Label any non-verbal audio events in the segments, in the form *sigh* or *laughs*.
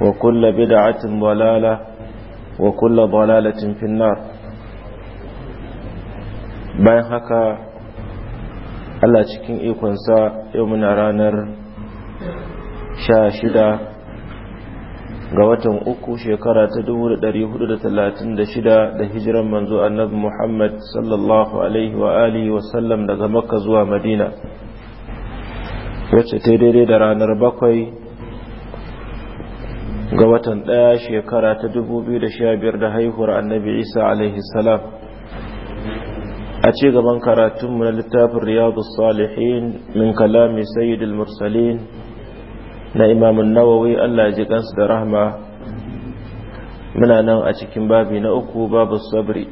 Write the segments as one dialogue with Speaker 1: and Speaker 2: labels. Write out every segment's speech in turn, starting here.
Speaker 1: وكل بدعة ضلالة وكل ضلالة في النار bayan haka ala cikin ikonsa yau muna ranar sha shida ga watan uku shekara ta dubu da dari hudu da talatin da shida da hijiran manzo annabi Muhammad sallallahu alaihi wa alihi daga makka zuwa madina wacce ta daidai da ranar bakwai ga watan ɗaya shekara ta 2015 da haihuwar annabi isa alaihi salam a ci gaban karatunmu na littafin riyadu salihin min kalami sayyidul mursalin na imamun nawawi allah ji kansu da rahma muna nan a cikin babi na uku babu sabri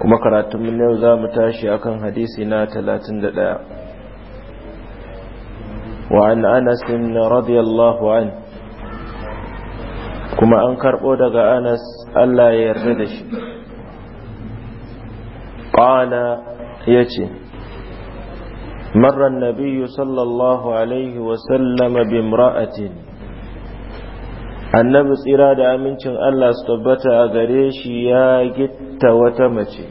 Speaker 1: kuma karatunmu na yau za mu tashi akan hadisi na 31 وعن أنس رضي الله عنه kuma an karɓo daga anas allah ya yarda da shi Ƙwana ya ce marar nabiyu sallallahu alaihi wasallama bimra'atin annabi tsira da amincin allah su tabbata a gare shi ya gitta wata mace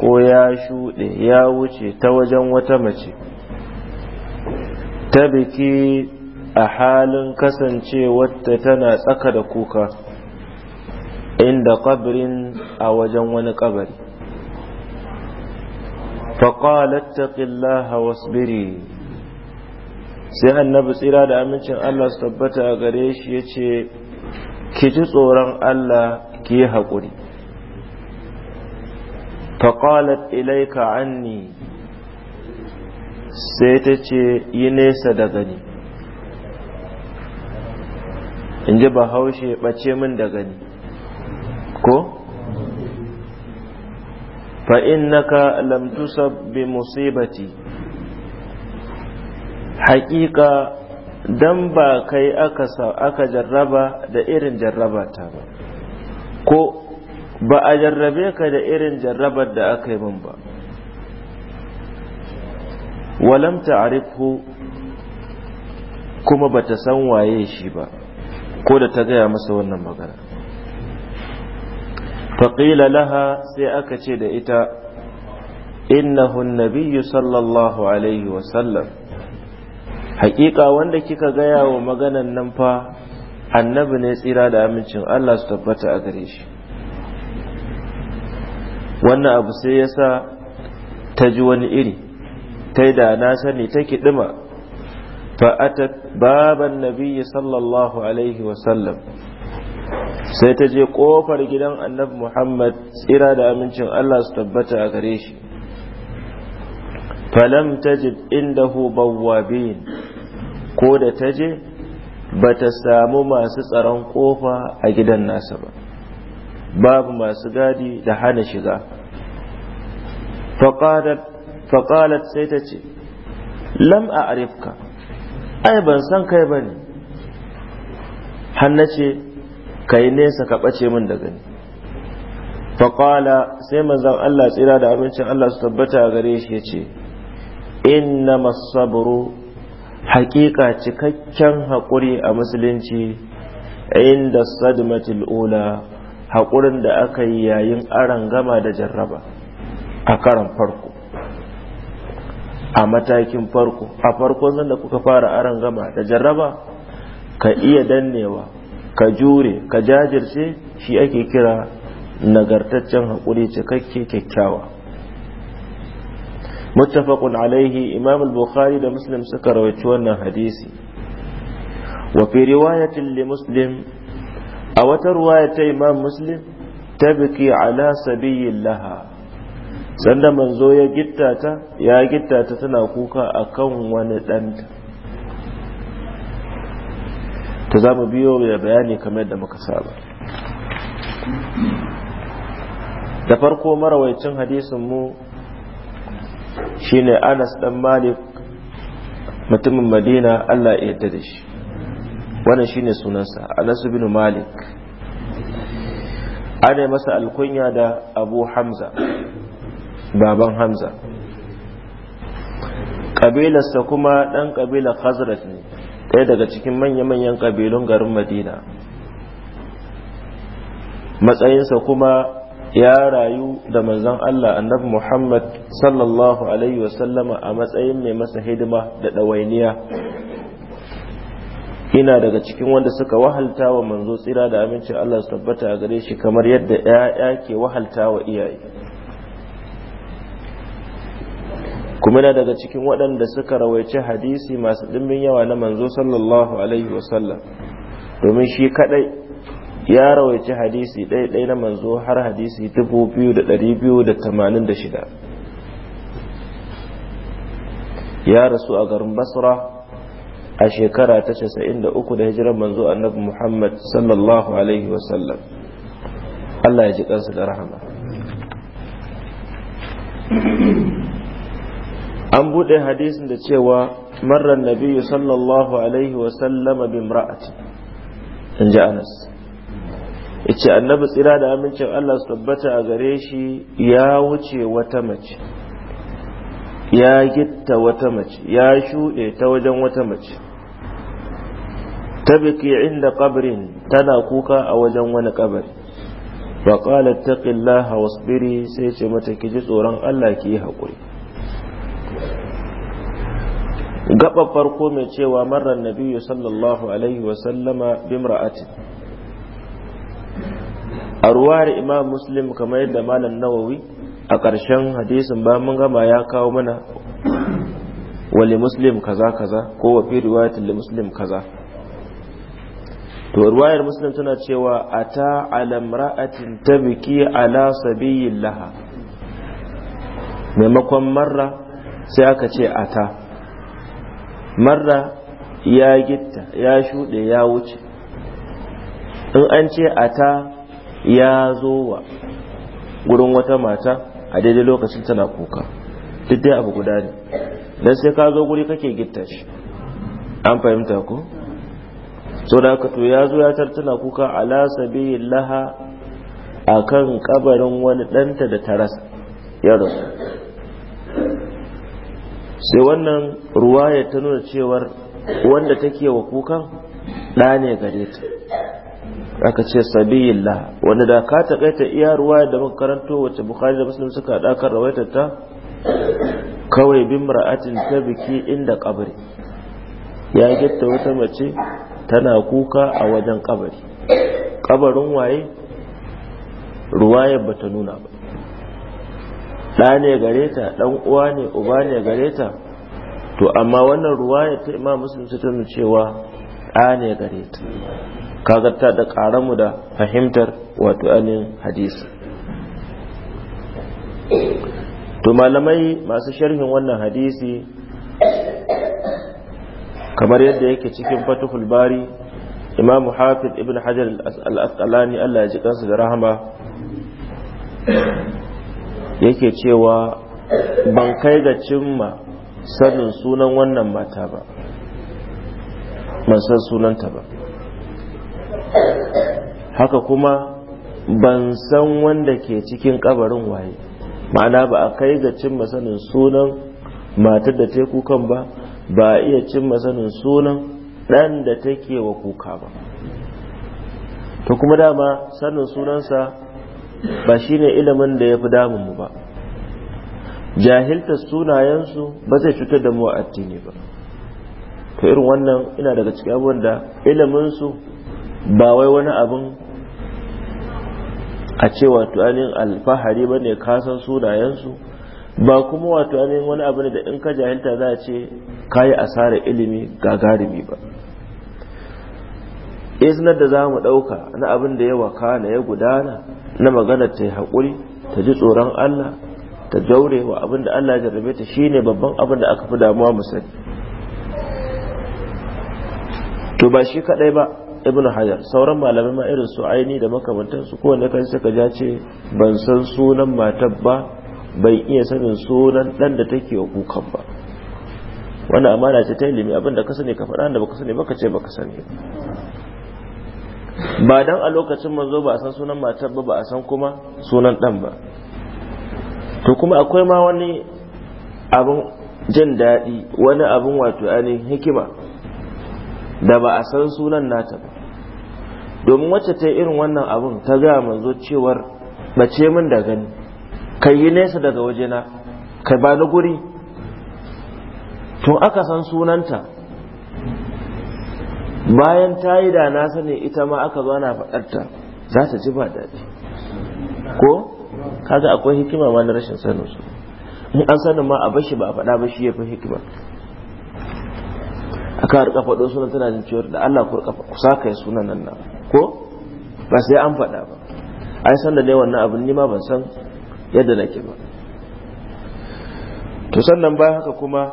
Speaker 1: ko ya shuɗe ya wuce ta wajen wata mace ta biki a halin kasancewarta tana tsaka da kuka inda kabirin a wajen wani kabari faƙalar taƙillaha biri. sai annabi tsira da amincin Allah su tabbata a gare shi ya ce ki ji tsoron Allah ki yi haƙuri faƙalar ilaika anni sai ta ce yi nesa daga ni in ji bahaushe ɓace min da gani ko fa'innaka lamtu bi musibati haƙiƙa don ba kai aka jarraba da irin jarraba ba ko ba a jarrabe ka da irin jarrabar da aka yi min ba walam ta'rifhu kuma ba ta san waye shi ba ko da ta gaya masa wannan magana faƙila laha sai aka ce da ita innahu nabiyyu sallallahu alaihi wasallam haƙiƙa wanda kika gaya wa maganan nan fa annabi ne tsira da amincin Allah su tabbata a gare shi wannan abu sai ya sa ta ji wani iri ta da na sani ta ɗima فأتت baban Nabiyyu صلى الله عليه وسلم sai ta je kofar gidan annabi Muhammad tsira da amincin Allah su tabbata a gare shi falam tajid indahu bawwabin ko da ta je ba ta samu masu tsaron kofa a gidan nasa ba babu masu gadi da hana shiga faƙalat sai ta ce lam a arifka ai ban san kai ba ne hannace ka yi nesa ka ɓace min da gani faƙala sai manzan Allah tsira da abincin Allah su tabbata gare shi ya ce inna masaburu haƙiƙa cikakken haƙuri a musulunci inda sadmatul ula haƙurin da aka yi yayin aron gama da jarraba a karan farko a matakin farko a farkon zan da kuka fara aron gama da jarraba ka iya dannewa ka jure ka jajirce shi ake kira nagartaccen haƙuri cikakke kyakkyawa muttafaqun alaihi imam al-bukhari da muslim suka rawaci wannan hadisi wa fi riwayatin li muslim a wata riwaya ta imam muslim tabki ala sabiyillaha. laha sanda manzo ya gittata ya gittata tana kuka akan wani ɗanta ta za mu biyo da bayani kamar da muka saba da farko marawaicin hadisin mu shine anas dan malik mutumin madina allah ya yarda da shi wannan shine sunansa anas bin malik ana masa alkunya da abu hamza baban hamza ƙabilarsa kuma ɗan ƙabilar khazraj ne ɗaya daga cikin manya-manyan ƙabilun garin madina matsayinsa kuma ya rayu da manzon Allah annabi Muhammad sallallahu Alaihi wasallama a matsayin mai masa hidima da ɗawainiya ina daga cikin wanda suka wahalta wa manzo tsira da aminci Allah su tabbata a gare shi kamar yadda ‘ya'ya ke wahalta wa iyaye kuma na daga cikin waɗanda suka rawaice hadisi masu ɗimbin yawa na manzo sallallahu alaihi wasallam domin shi kaɗai ya rawaice hadisi ɗaiɗai na manzo har hadisi 2,286 ya rasu a garin basra a shekara ta 93 da hijirar manzo annabi muhammad sallallahu alaihi wasallam Allah ya ji ƙansa da rahama an buɗe hadisin da cewa marar nabiyu sallallahu alaihi wa bi bimra'at in ji anas yace annabi tsira da amincin Allah su tabbata a gare shi ya wuce wata mace ya gitta wata mace ya shuɗe ta wajen wata mace ta biki inda kabrin tana kuka a wajen wani kabari wa qala taqillaha wasbiri sai ce mata kiji tsoron Allah ki yi haƙuri gaba farko mai cewa marar nabiyu sallallahu alaihi wasallama bimra'atin a ruwar imam muslim kamar yadda malam nawawi a ƙarshen hadisin ba mun gama ya kawo mana wali muslim kaza kaza ko wa fi riwayatin li muslim kaza to ruwayar muslim tana cewa ata ala imra'atin tabki ala sabiyillaha maimakon marra sai aka ce ata marra ya gitta ya shuɗe ya wuce in an ce a ta ya zo wa gurin wata mata a daidai lokacin tana kuka duk dai abu guda ne don sai ka zo guri kake gitta shi an fahimta ko so da haka to ya zo ya tartuna kuka ala sabi laha a kan kabarin wani ɗanta da taras
Speaker 2: ya rasu
Speaker 1: sai wannan ruwaya ta nuna cewar wanda take wa kukan ɗa ne gare ta aka ce sabiyillah wanda da ka taƙaita iya ruwaya da muka karanto wacce bukari da muslim suka haɗa kan rawaitar ta kawai bin mara'atin ta biki inda kabari
Speaker 2: ya gitta wata
Speaker 1: mace tana kuka a wajen kabari Ƙabarin waye ruwayar bata nuna ba ɗa ne gare ta ɗan uwa ne uba ne gare ta to amma wannan ruwaya ta imam muslim ta tunu cewa ɗa ne gare ta kaga ta da ƙaramu da fahimtar wato anin hadisi to malamai masu sharhin wannan hadisi kamar yadda yake cikin fatuhul bari imam hafiz ibn hajar al-asqalani Allah ya ji kansa da rahama yake cewa ban kai ga cimma sanin sunan wannan mata ba ban san sunanta ba haka kuma ban san wanda ke cikin kabarin waye ma'ana ba a kai ga cimma sanin sunan matar da ta kukan ba ba a iya cimma sanin sunan ɗan da take wa kuka ba to kuma dama sanin sunansa ba shi ne ilimin da ya fi damun mu ba jahilta sunayensu ba zai cutar da mu a addini ba to irin wannan ina daga cikin abubuwan da iliminsu ba wai wani abin a ce wato ainihin alfahari ba ne kasan sunayensu ba kuma wato ainihin wani abu ne da in ka jahilta za a ce ka yi asarar ilimi gagarumi ba iznar da za mu ɗauka na abin da ya wakana ya gudana na magana ta yi haƙuri ta ji tsoron Allah ta jaure wa abin da Allah ya jarrabe ta shi ne babban abin da aka fi damuwa mu sani to ba shi kaɗai ba ibn hajar sauran malamai ma irin su aini da su kowanne kan suka ja ce ban san sunan matar ba bai iya sanin sunan dan da take wa kukan ba wannan amana ce ta ilimi abin da ka sani ka faɗa da baka sani baka ce baka sani ba dan a lokacin manzo ba a san sunan matar ba ba a san kuma sunan ɗan ba to kuma akwai ma wani abin jin daɗi wani abin wato ainihin hikima da ba a san sunan nata ba domin wacce ta yi irin wannan abin ta ga manzo cewar bace min da gani kai yi nesa daga wajena kai ba na guri tun aka san sunanta bayan ta yi da na sani ita ma aka zo ana faɗarta za ta ji ba daɗi ko kaga akwai hikima ma na rashin sanin su in an sanin ma a bashi ba a faɗa ba shi ya fi hikima aka rika faɗo sunan tana jin ciwar da Allah ku rika ku saka ya sunan nan na ko ba sai an faɗa ba ai san da ne wannan abin ni ma ban san yadda nake ba to sannan bayan haka kuma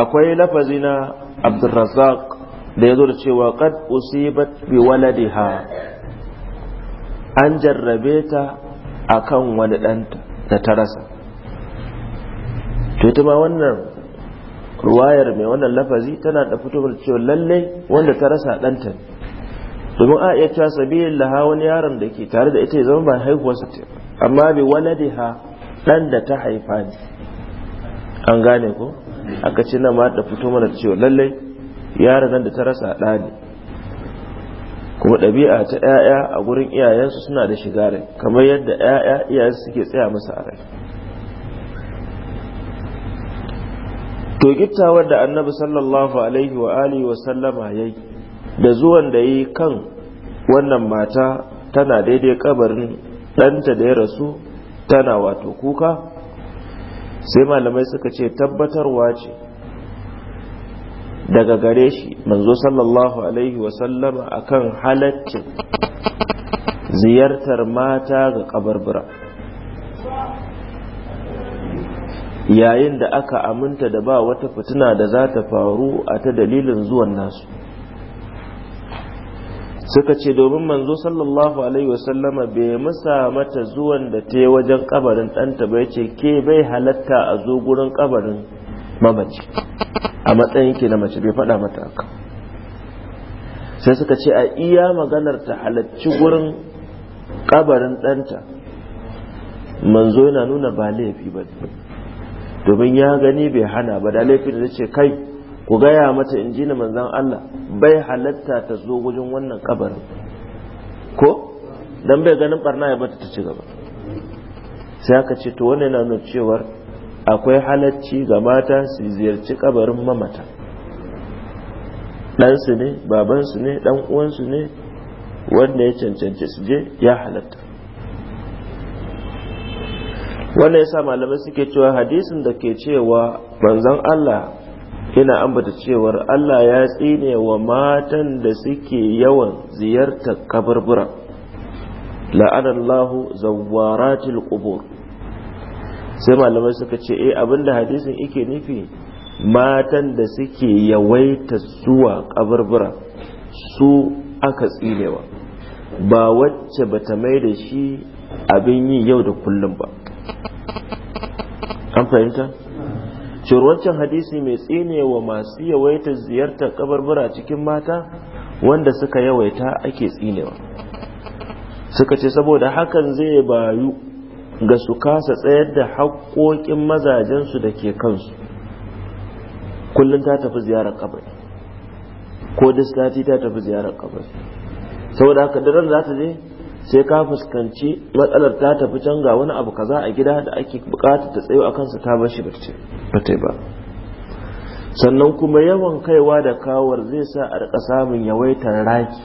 Speaker 1: akwai lafazi na abdurrazzaq da ya zo da cewa qad usibat bi waladiha an jarrabe ta kan wani ɗanta da ta rasa to wannan ruwayar mai wannan lafazi tana da fitowar cewa lallai wanda ta rasa ɗanta domin a iya cewa sabilin laha wani yaron da ke tare da ita ya zama ba haihuwarsa ta amma bi waladiha ɗan da ta haifa ne an gane ko aka ce na ma da fito mana da cewa lallai yaran nan da ta rasa ɗa ne kuma ɗabi'a ta 'ya'ya a gurin iyayensu suna da shiga rai kamar yadda 'ya'ya iyayensu suke tsaya masa a rai to gittawar da annabi sallallahu alaihi wa alihi wa sallama yayi da zuwan da yi kan wannan mata tana daidai kabarin ɗanta da ya rasu tana wato kuka sai malamai suka ce tabbatarwa ce daga gare shi manzo sallallahu alaihi wasallama akan halaccin ziyartar mata ga kabarbura yayin da aka aminta da ba wata fitina da za ta faru a ta dalilin zuwan nasu suka ce domin manzo sallallahu alaihi wasallama bai musa mata zuwan da ta yi wajen kabarin ɗanta bai ce ke bai halatta a zo gurin kabarin mamaci a matsayin ke na mace bai faɗa mata haka sai suka ce a iya maganar ta halarci gurin kabarin ɗanta manzo yana nuna ba laifi ba domin ya gani bai hana ba da laifin da ce kai ku gaya mata in ji na manzan Allah bai halatta ta zo gujin wannan kabarin ko dan bai ganin barna ya bata ta ci gaba sai aka ce to wannan na nuna cewar akwai halacci ga mata su ziyarci kabarin mamata ɗansu ne babansu ne ɗan uwansu ne wanda ya cancanci su je ya halatta wannan yasa malamai suke cewa hadisin da ke cewa manzan Allah ina ambata cewar Allah ya tsine wa matan da suke yawan ziyartar kaburbura la'anallahu zawwaratil qubur sai malamai suka ce eh abinda hadisin yake nufi matan da suke yawaita zuwa kaburbura su aka tsinewa ba wacce bata mai da shi abin yi yau da kullum ba an fahimta shirwancin hadisi mai tsine wa masu yawaita ziyartar kabarbura cikin mata wanda suka yawaita ake tsinewa suka ce saboda hakan zai bayu ga su kasa tsayar da haƙoƙin mazajensu da ke kansu kullum ta tafi ziyarar kabari ko duk ta tafi ziyarar kabari saboda haka daren za ta je sai ka fuskanci matsalar ta tafi can ga wani abu kaza a gida da ake bukatar ta tsayo a kansa ta bar shi ba ba sannan kuma yawan kaiwa da kawar zai sa a rika samun yawaitar raki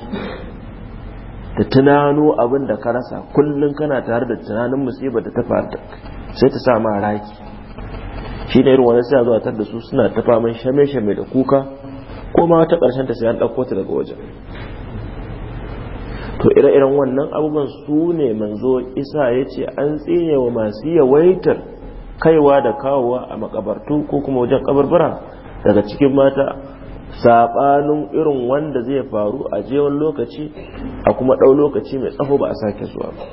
Speaker 1: da tunano abin da ka rasa kullum kana tare da tunanin musibar da ta faru sai ta sa ma raki shi ne irin wani sa zuwa tar da su suna ta faman shame-shame da kuka ko ma ta ƙarshen ta sai an ɗauko ta daga wajen to ire-iren wannan abubuwan su ne manzo isa ya ce an tsine wa masu yawaitar kaiwa da kawowa a makabartu ko kuma wajen kabarbara daga cikin mata saɓanin irin wanda zai faru a jewan lokaci a kuma ɗau lokaci mai tsaho ba a sake zuwa ba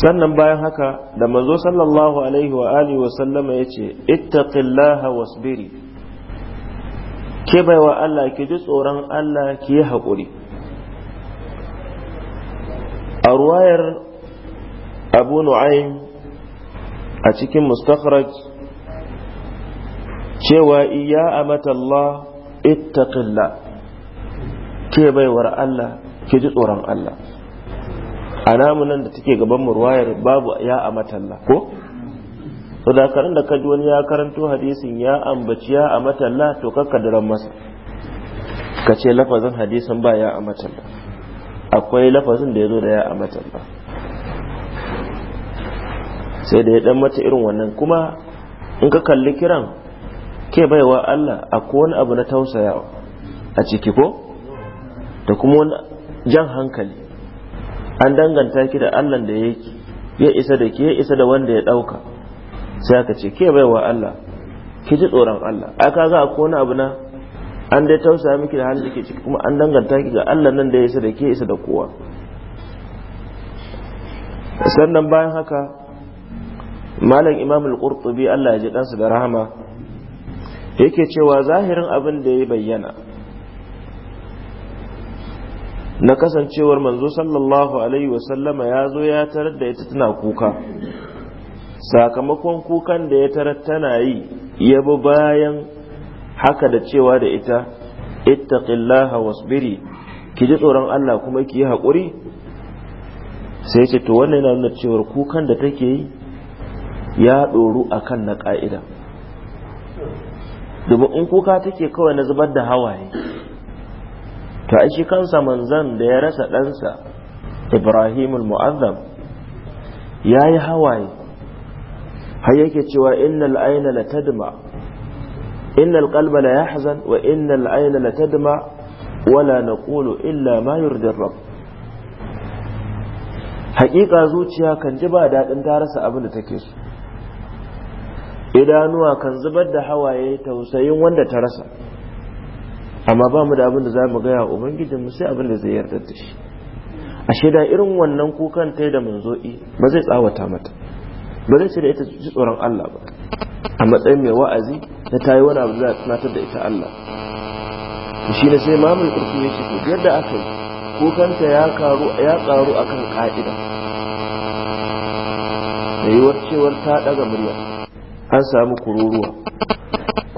Speaker 1: sannan bayan haka da manzo sallallahu alaihi wa alihi wa sallama ya ce ittaqillaha wasbiri ke baiwa Allah ke ji tsoron Allah ki yi haƙuri a ruwayar abu nu'ayin a cikin mustakhraj cewa iya amatallah ittaqilla ke baiwar Allah ke ji tsoron Allah a namunan da take gaban ruwayar babu ya amatallah ko so da karin da kaji wani ya karanto hadisin ya ambaci ya a matalla to ka daren masa ka ce lafazin hadisin ba ya a matalla akwai lafazin da ya zo da ya a matalla sai da ya dan mata irin wannan kuma in ka kalli kiran ke baiwa Allah akwai wani abu na tausayawa a ciki ko da kuma wani jan hankali an danganta ki da Allah da yake ya isa da ke ya isa da wanda ya dauka sai aka ce ke baiwa Allah ki ji tsoron Allah ai za a wani abu na an dai tausa miki da halin da ke ciki kuma an danganta ki ga Allah nan da ya isa da ke isa da kowa sannan bayan haka malam imam al-qurtubi Allah ya ji dansa da rahama yake cewa zahirin abin da ya bayyana na kasancewar manzo sallallahu alaihi wasallama ya zo ya tarar da ita tana kuka sakamakon kukan da ya tarar tana yi ya bi bayan haka da cewa da ita ittaqillaha wasbiri ki ji tsoron Allah kuma ki yi haƙuri sai ce to wannan yana cewar kukan da take yi ya ɗoru a kan na ƙa'ida domin in kuka take kawai na zubar da hawaye to ai kansa manzan da ya rasa ɗansa ibrahimul mu'azzam ya yi hawaye har yake cewa innal aina la tadma innal qalba la yahzan wa innal aina la tadma wala naqulu illa ma yurdi rabb haƙiƙa zuciya kan ji ba daɗin ta rasa abin da take so idanuwa kan zubar da hawaye tausayin wanda ta rasa amma ba mu da abin da za mu gaya ubangijinmu sai abin da zai yarda da shi a shaida irin wannan kukan ta da manzo'i ba zai tsawata mata ba zai ce da ita ci tsoron Allah ba a matsayin mai wa'azi na ta yi wani abu za a tunatar da ita Allah shi ne sai mamun ƙarfi ya ce yadda aka yi kukanta ya karu ya karu akan ka'ida yi cewar ta daga murya an samu kururuwa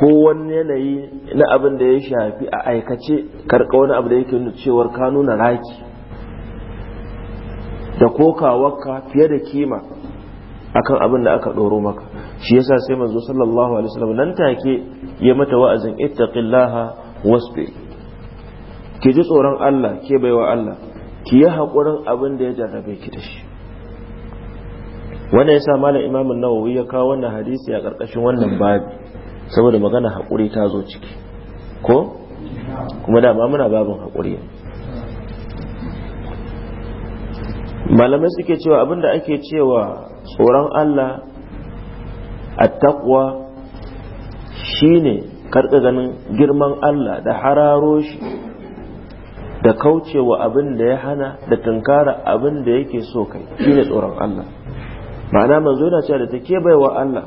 Speaker 1: ko wani yanayi na abin da ya shafi a aikace karka wani abu da yake nuna cewar ka nuna raki da kokawarka fiye da kima akan abin da aka ɗoro maka shi yasa sai manzo sallallahu alaihi wasallam nan take ya mata wa'azin ittaqillaha wasbir ki ji tsoron Allah ke baiwa Allah ki yi hakurin abin da ya jarrabe ki da shi wannan yasa malam Imam Nawawi ya kawo wannan hadisi a ƙarƙashin wannan babi saboda magana haƙuri ta zo ciki ko kuma da ba muna babin haƙuri malamai suke cewa abin da ake cewa tsoron Allah a takwa shine karka ganin girman Allah da hararo shi da kaucewa abin da ya hana da tunkara abin da yake so kai shine tsoron Allah ma'ana manzo yana cewa da ta baiwa Allah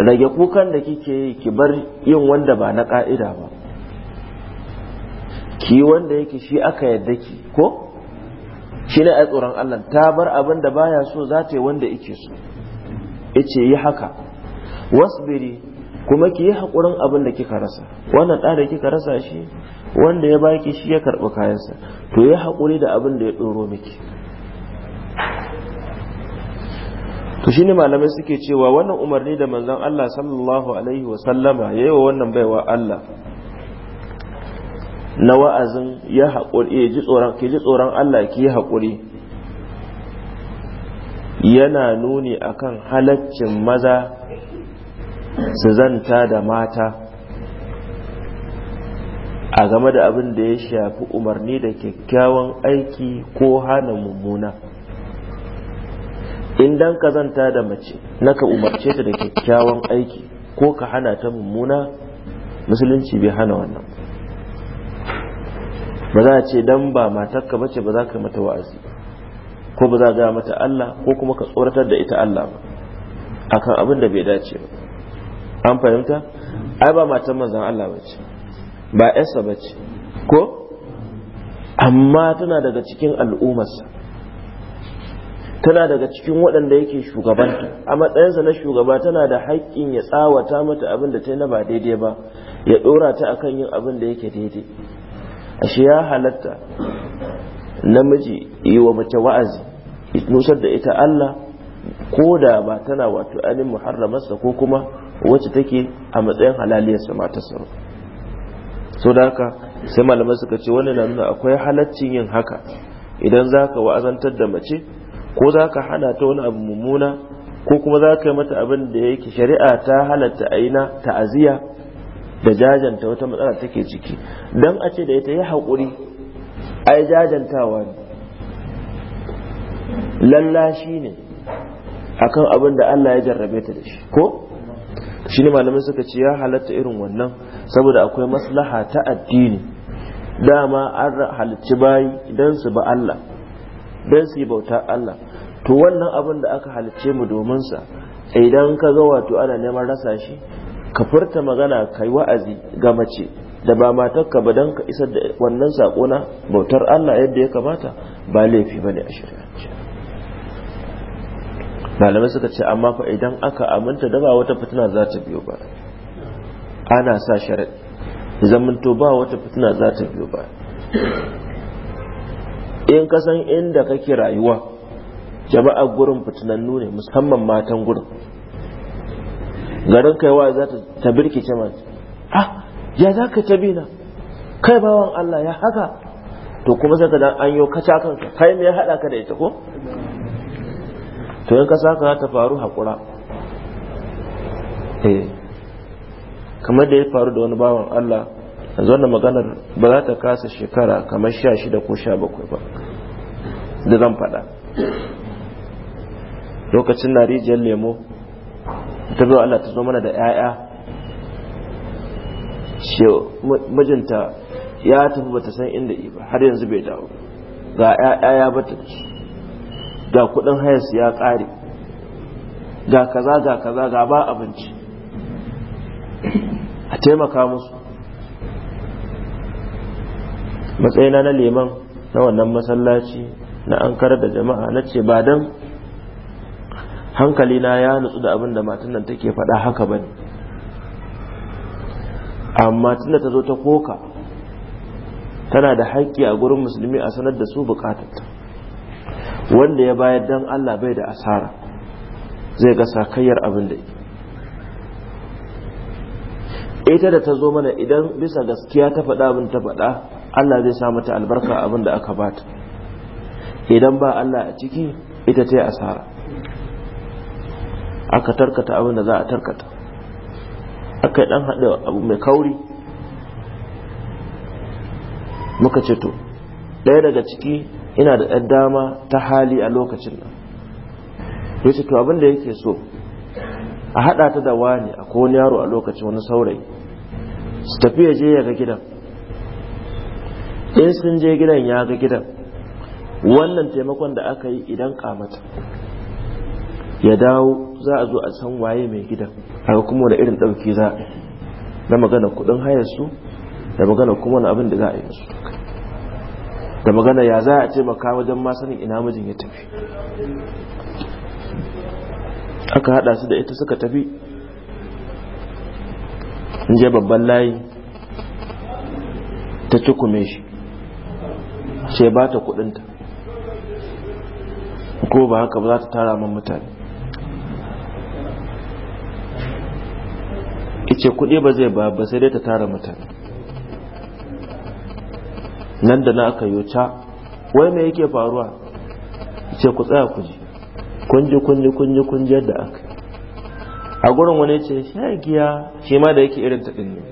Speaker 1: rage kukan da kike yi ki bar yin wanda ba na ƙa'ida ba ki wanda yake shi aka yarda ki ko shi ne a tsoron Allah ta bar abin da baya so za ta yi wanda ike so ce yi haka wasbiri kuma ki yi haƙurin abin da kika rasa wannan ɗa da kika rasa shi wanda ya baki shi ya karɓi kayansa to yi haƙuri da abin da ya ɗoro miki to shine malamai suke cewa wannan umarni da manzon Allah sallallahu alaihi wa sallama yayi wa wannan baiwa Allah na wa'azin ya haƙuri ya ji tsoron ki ji tsoron Allah ki haƙuri yana nuni akan halaccin maza su zanta da mata a game da abin da ya shafi umarni da kyakkyawan aiki ko hana mummuna in dan ka zanta da mace na ka umarce ta da kyakkyawan aiki ko ka hana ta mummuna musulunci bai hana wannan ba za a ce dan ba matarka ba ce ba za ka mata wa'azi ko ba za a gaya mata Allah ko kuma ka tsoratar da ita Allah ba akan abin da bai dace ba an fahimta ai ba matan manzon Allah ba ce ba yarsa ba ce ko amma tana daga cikin al'ummarsa tana daga cikin waɗanda yake shugabanta a matsayinsa na shugaba tana da haƙƙin ya tsawata mata abin da ta yi na ba daidai ba ya ɗora ta akan yin abin da yake daidai ashe ya halatta namiji yi wa mace wa'azi nusar da ita Allah ko da ba tana wato anin muharramarsa ko kuma wacce take a matsayin halaliyarsa mata sa so da haka sai malamai suka ce wannan na nuna akwai halaccin yin haka idan za ka wa'azantar da mace ko za ka hana ta wani abu mummuna ko kuma za ka yi mata abin da yake shari'a ta halatta aina ta'aziyya da jajanta wata matsala take ciki don a ce da ita yi haƙuri yi jajantawa ne lallashi ne akan abin da Allah ya jarrabe ta da shi ko shi ne malamai suka ce ya halatta irin wannan saboda akwai maslaha ta addini dama an halci bayi don su ba Allah don su yi bauta Allah to wannan abin da aka halicce mu domin sa idan ka ga wato ana neman rasa shi ka furta magana kai wa'azi ga mace da ba matarka ba don ka isar da wannan sako na bautar Allah yadda ya kamata ba laifi ba ne a shirya. malamai suka ce amma fa idan aka aminta da ba wata fitina za ta biyo ba ana sa sharaɗi zamanto ba wata fitina za ta biyo ba in ka san inda kake rayuwa jama'a gurin fitinannu ne musamman matan gurin garin kaiwa za ta birkice mace ah ya za ka tabi na kai bawan Allah ya haka to kuma sai ka dan an yo kaca kanka kai me ya hada ka da ita ko to in ka saka ta faru hakura eh kamar da ya faru da wani bawan Allah yanzu wannan maganar ba za ta kasa shekara kamar sha shida ko sha bakwai ba da zan faɗa lokacin na rijiyar lemo ta zo Allah ta zo mana da 'ya'ya mijinta ya tafi bata san inda yi ba har yanzu bai dawo ga 'ya'ya ya bata ga kudin hayas ya ƙare ga kaza ga kaza ga ba abinci a taimaka musu matsayina na liman na wannan masallaci na an da jama'a na ce ba don hankali na ya nutsu da abin da matan nan take faɗa haka bane amma tunda ta zo ta koka tana da haƙƙi a gurin musulmi a sanar da su bukatarta wanda ya bayar dan Allah bai da asara zai ga sakayyar abin da ita da ta zo mana idan bisa gaskiya ta faɗa abin ta faɗa Allah zai sa mata albarka abin da aka bata idan ba Allah a ciki ita ta yi asara aka tarkata abin da za a tarkata aka yi dan haɗe abu mai kauri muka ce to ɗaya daga ciki ina da ɗan dama ta hali a lokacin nan ya ce to abin da yake so a haɗa ta da wani a kowane yaro a lokacin wani saurayi su tafi ya je ya ga gidan in sun je gidan ya ga gidan wannan taimakon da aka yi idan kamata ya dawo za a zo a san waye mai gidan a kuma da irin ɗauki za a na magana kudin hayar su da magana kuma wani abin da za a yi musu da magana ya za a ce maka wajen ma sanin ina mijin ya tafi aka hada su da ita suka tafi in je babban layi ta cikume shi ce ba ta kudinta ko ba haka ba za ta tara man mutane ce kuɗi ba zai ba ba sai dai ta tara mutane nan da na aka yi wai me yake faruwa ce ku tsaya ku ji kunji kunji kunji kunji yadda aka a gurin wani ce shagiya shi ma da yake irin taɗin ne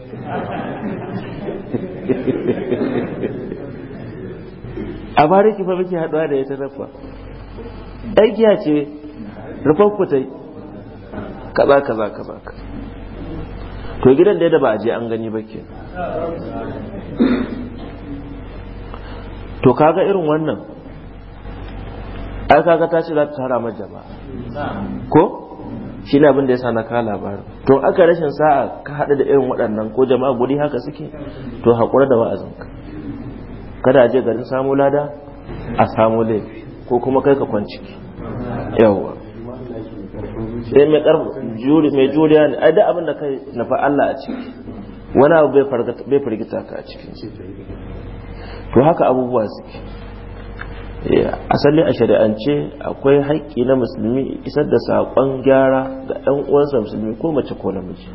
Speaker 1: *laughs* a ki fa muke haɗuwa da ya ta rafa ɗan giya ce rufar kutai kaza kaza kaza to gidan da ba a je an gani ba ke to kaga irin wannan ai kaga ta ce za ta tara ma jama'a ko shi ne abin da ya sa na kawo labarin to aka rashin sa'a ka haɗu da irin waɗannan ko jama'a guri haka suke to haƙura da wa'azinka kada a je garin samu lada a samu laifi ko kuma kai ka kwanci sai mai juri mai juriya ne ai da abin da kai nufa Allah a ciki wani abu bai fargita ka a cikin to haka abubuwa suke eh, asali a shari'ance akwai haƙƙi na musulmi isar da saƙon gyara ga ɗan uwansa musulmi ko mace ko namiji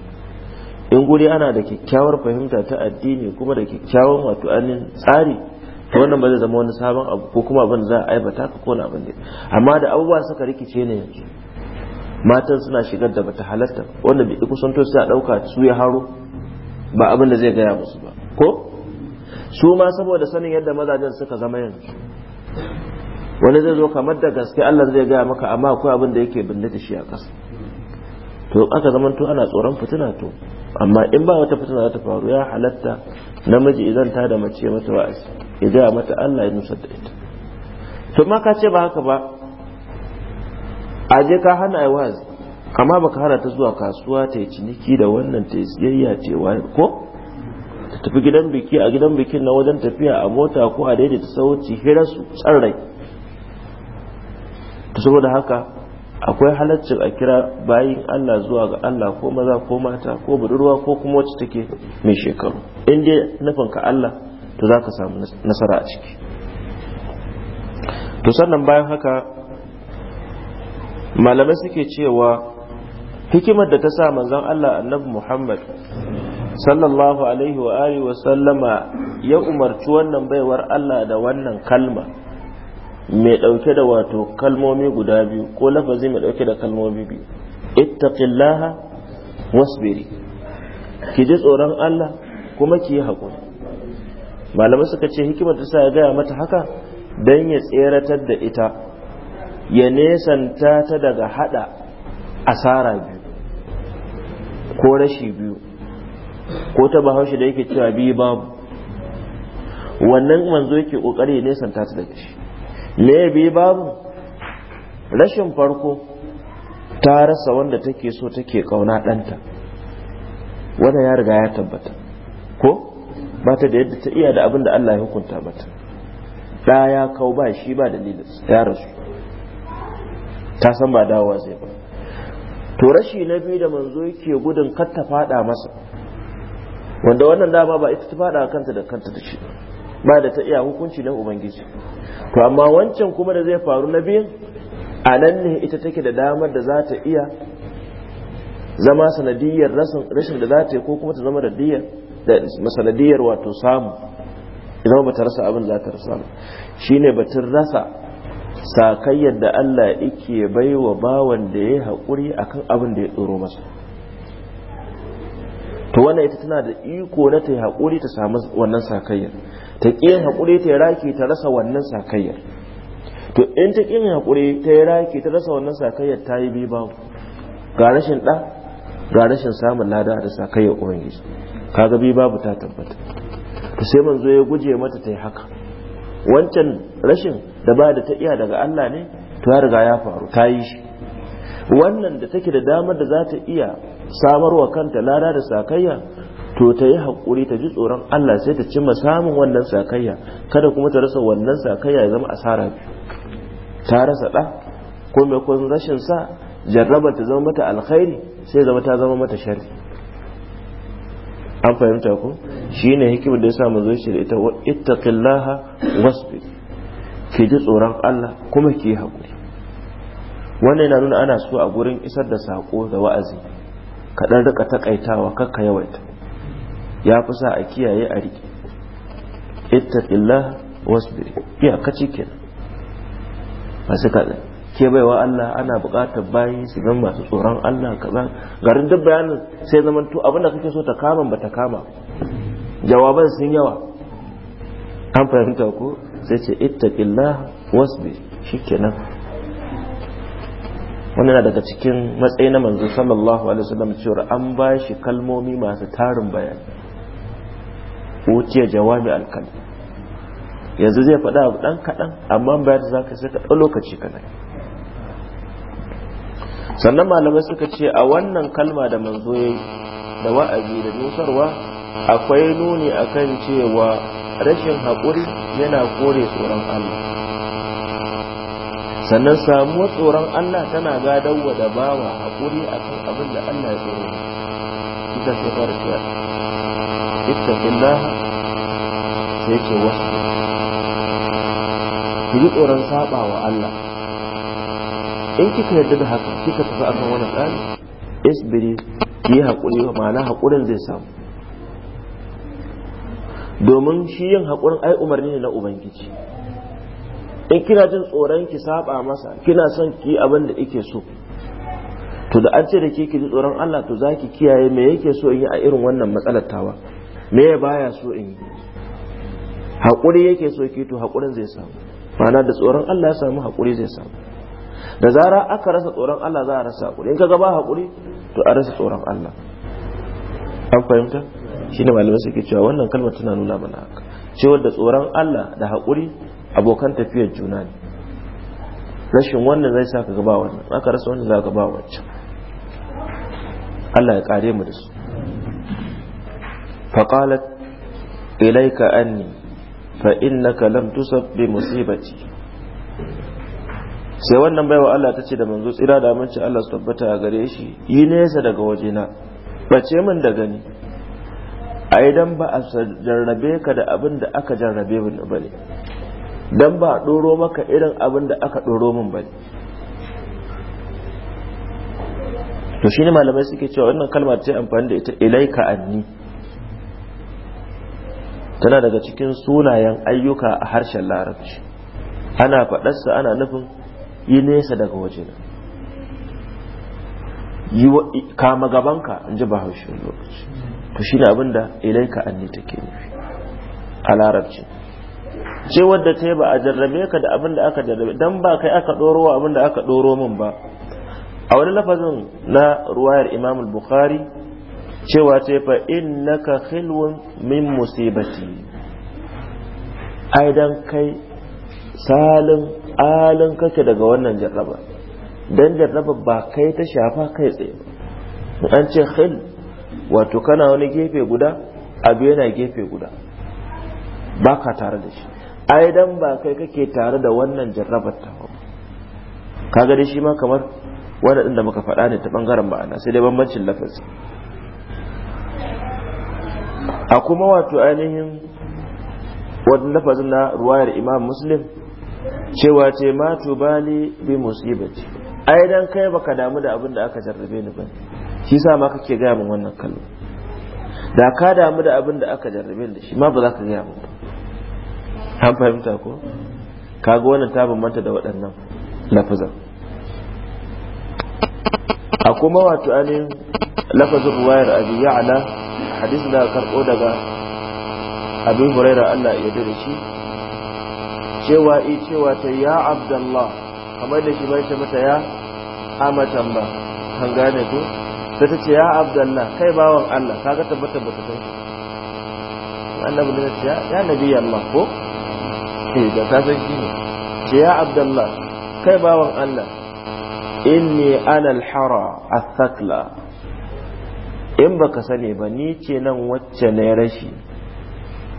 Speaker 1: in guri ana da kyakkyawar fahimta ta addini kuma da kyakkyawan wato anin tsari ta wannan ba zai zama wani sabon abu ko kuma abin za a aibata ka ko na abin da amma da abubuwa suka rikice ne yanzu matan suna shigar da bata halatta wanda bai kusanto sai a dauka su ya haro ba abin da zai gaya musu ba ko su ma saboda sanin yadda mazajen suka zama yanzu wani zai zo kamar da gaske Allah zai gaya maka amma akwai abin da yake binne da shi a ƙasa to aka zaman zamanto ana tsoron fitina to amma in ba wata fitina za ta faru ya halatta namiji idan ta da mace mata wa'azi ya mata Allah ya nusar ita to ma ka ce ba haka ba a je ka hana ai wazi amma baka hana ta zuwa kasuwa ta yi ciniki da wannan ta yi siyayya ce ko ta tafi gidan biki a gidan bikin na wajen tafiya a mota ko a daidaita sauci hira su san rai ta saboda haka akwai halaccin a kira bayan Allah zuwa ga Allah ko maza ko mata ko budurwa ko kuma wacce take mai shekaru in dai nufin ka Allah to za ka samu nasara a ciki to sannan bayan haka malamai suke cewa hikimar da ta sa manzon Allah annabi Muhammad sallallahu alaihi wa alihi wa sallama ya umarci wannan baiwar Allah da wannan kalma mai ɗauke da wato kalmomi guda biyu ko lafazi mai ɗauke da kalmomi biyu ittaqillaha wasbiri ki ji tsoron Allah kuma ki yi hakuri malamai suka ce hikimar ta sa ya gaya mata haka dan ya tseratar da ita ya nesanta ta daga hada asara biyu ko rashi biyu ko ta bahaushe da yake cewa biyu babu wannan manzo yake kokari ya nesanta ta daga shi me biyu babu rashin farko ta rasa wanda take so take kauna ɗanta wanda ya riga ya tabbata ko ba ta da yadda ta iya da abin da Allah ya hukunta mata ɗaya kau ba shi ba dalilinsa ya rasu ta san ba dawowa zai ba to rashi na biyu da manzo yake gudun kar ta fada masa wanda wannan dama ba ita ta fada kanta da kanta da shi ba da ta iya hukunci na ubangiji to amma wancan kuma da zai faru na biyu a nan ne ita take da damar da za ta iya zama sanadiyar rashin da za ta yi ko kuma ta zama da sanadiyar wato samu idan ba ta rasa abin za ta rasa shi ne batun rasa sakai da Allah yake baiwa bawan da ya haƙuri akan abin da ya tsoro masa to wannan ita tana da iko na ta yi haƙuri ta samu wannan sakayyar ta ƙin haƙuri ta yi raki ta rasa wannan sakayyar to in ta ƙin haƙuri ta yi raki ta rasa wannan sakayyar ta yi bi babu ga rashin ɗa ga rashin samun lada da sakayyar ubangiji kaga bi babu ta tabbata to sai manzo ya guje mata ta yi haka wancan rashin da ba da ta iya daga Allah ne to ya riga ya faru ta yi shi wannan da take da damar da za ta iya samarwa kanta lada da sakayya to ta yi haƙuri ta ji tsoron Allah sai ta cimma samun wannan sakayya kada kuma ta rasa wannan sakayya ya zama asara ta rasa ɗa ko mai kun rashin sa jarrabar ta zama mata alkhairi sai zama ta zama mata shari an fahimta shi ne hikimar da ya manzo shi da ita wa ittaqillaha wasbi ki ji tsoron Allah kuma ki hakuri wannan yana nuna ana so a gurin isar da sako da wa'azi ka dan rika takaitawa kakka yawaita ya fi sa a kiyaye a riƙe ittaqillaha wasbir iya kaci kenan ba su kaɗan ke baiwa Allah ana buƙatar bayi su zan masu tsoron Allah kaza garin duk bayanin sai zaman to abinda kake so ta kama ba ta kama jawaban sun yawa an fahimta ko sai ce ittaqillah wasbi shikenan wannan daga cikin matsayi na manzo sallallahu alaihi wasallam cewa an ba shi kalmomi masu tarin bayani wuce jawami alkalmi yanzu zai faɗa abu ɗan kaɗan amma bayan za ka sai ka ɗan lokaci kaɗan sannan malamai suka ce a wannan kalma da manzo da wa'azi da nusarwa akwai nuni akan cewa rashin haƙuri yana kore tsoron Allah sannan samuwar tsoron Allah tana gadon wa da bawa haƙuri akan abin da Allah ya tsoro ita sai fara cewa ittaqillah sai ce wasu ku yi tsoron saba wa Allah in kika yarda da haka kika tafi akan wani tsari isbiri ki haƙuri ma'ana haƙurin zai samu domin shi yin haƙurin ai umarni ne na ubangiji in kina jin tsoron ki saba masa kina son ki abin da yake so to da an ce da ke ki ji tsoron Allah to za ki kiyaye me yake so in yi a irin wannan matsalar tawa me ya baya so in yi haƙuri yake so ki to haƙurin zai samu ma'ana da tsoron Allah ya samu haƙuri zai samu da zara aka rasa tsoron Allah za a rasa hakuri in kaga ba hakuri to a rasa tsoron Allah an fahimta shine malamai suke cewa wannan kalmar tana nuna mana haka cewa da tsoron Allah da hakuri abokan tafiyar juna ne rashin wannan zai sa ka gaba wannan aka rasa wannan za ka ba wancan Allah ya kare mu da su faqalat ilayka anni fa innaka lam tusab bi musibati sai wannan baiwa Allah ta ce da manzo tsira da aminci Allah su tabbata a gare shi yi nesa daga wajena bace min da gani a idan ba a jarrabe ka da abin da aka jarrabe min ba ne dan ba a ɗoro maka irin abin da aka ɗoro min ba ne to shine malamai suke cewa wannan kalmar ta amfani da ita ilaika anni tana daga cikin sunayen ayyuka a harshen larabci ana faɗarsa ana nufin yi nesa daga waje na yi kama gabanka in ji bahaushe lokaci to shi ne abinda ilaika anni take nufi a larabci ce wadda ta yi ba a jarrabe ka da abinda aka jarrabe don ba kai aka ɗoro wa abinda aka ɗoro min ba a wani lafazin na ruwayar imam bukhari cewa ce fa in ka khilwun min musibati ai dan kai salin alin kake daga wannan jarraba dan jarraba ba kai ta shafa kai tsaye an ce khil wato kana wani gefe guda abu yana gefe guda ba ka tare da shi ai dan ba kai kake tare da wannan jarrabar ta ba kaga dai shi ma kamar wanda din da muka faɗa ne ta bangaren ma'ana sai dai bambancin lafazi a kuma wato ainihin wannan lafazin na ruwayar imam muslim cewa ce ma tubali bi musibati ai dan kai baka damu da abin da aka jarrabe ni ba shi sa ma kake gaya min wannan kallo da ka damu da abin da aka jarrabe ni shi ma ba za ka gaya min ba an fahimta ko kaga wannan ta bambanta da waɗannan lafazan a kuma wato anin lafazin ruwayar abi ya'la hadisi da karɓo daga abin huraira Allah ya dare shi cewa i cewa ta ya abdallah kamar da shi bai ta mata ya amatan ba kan gane ku sai ta ce ya abdallah kai bawan Allah kaga tabbata ba ta san shi annabi ne ce ya nabi Allah ko eh da ta san shi ne ce ya abdallah kai bawan Allah inni ana al-hara athqala in baka sani ba ni ce nan wacce na rashi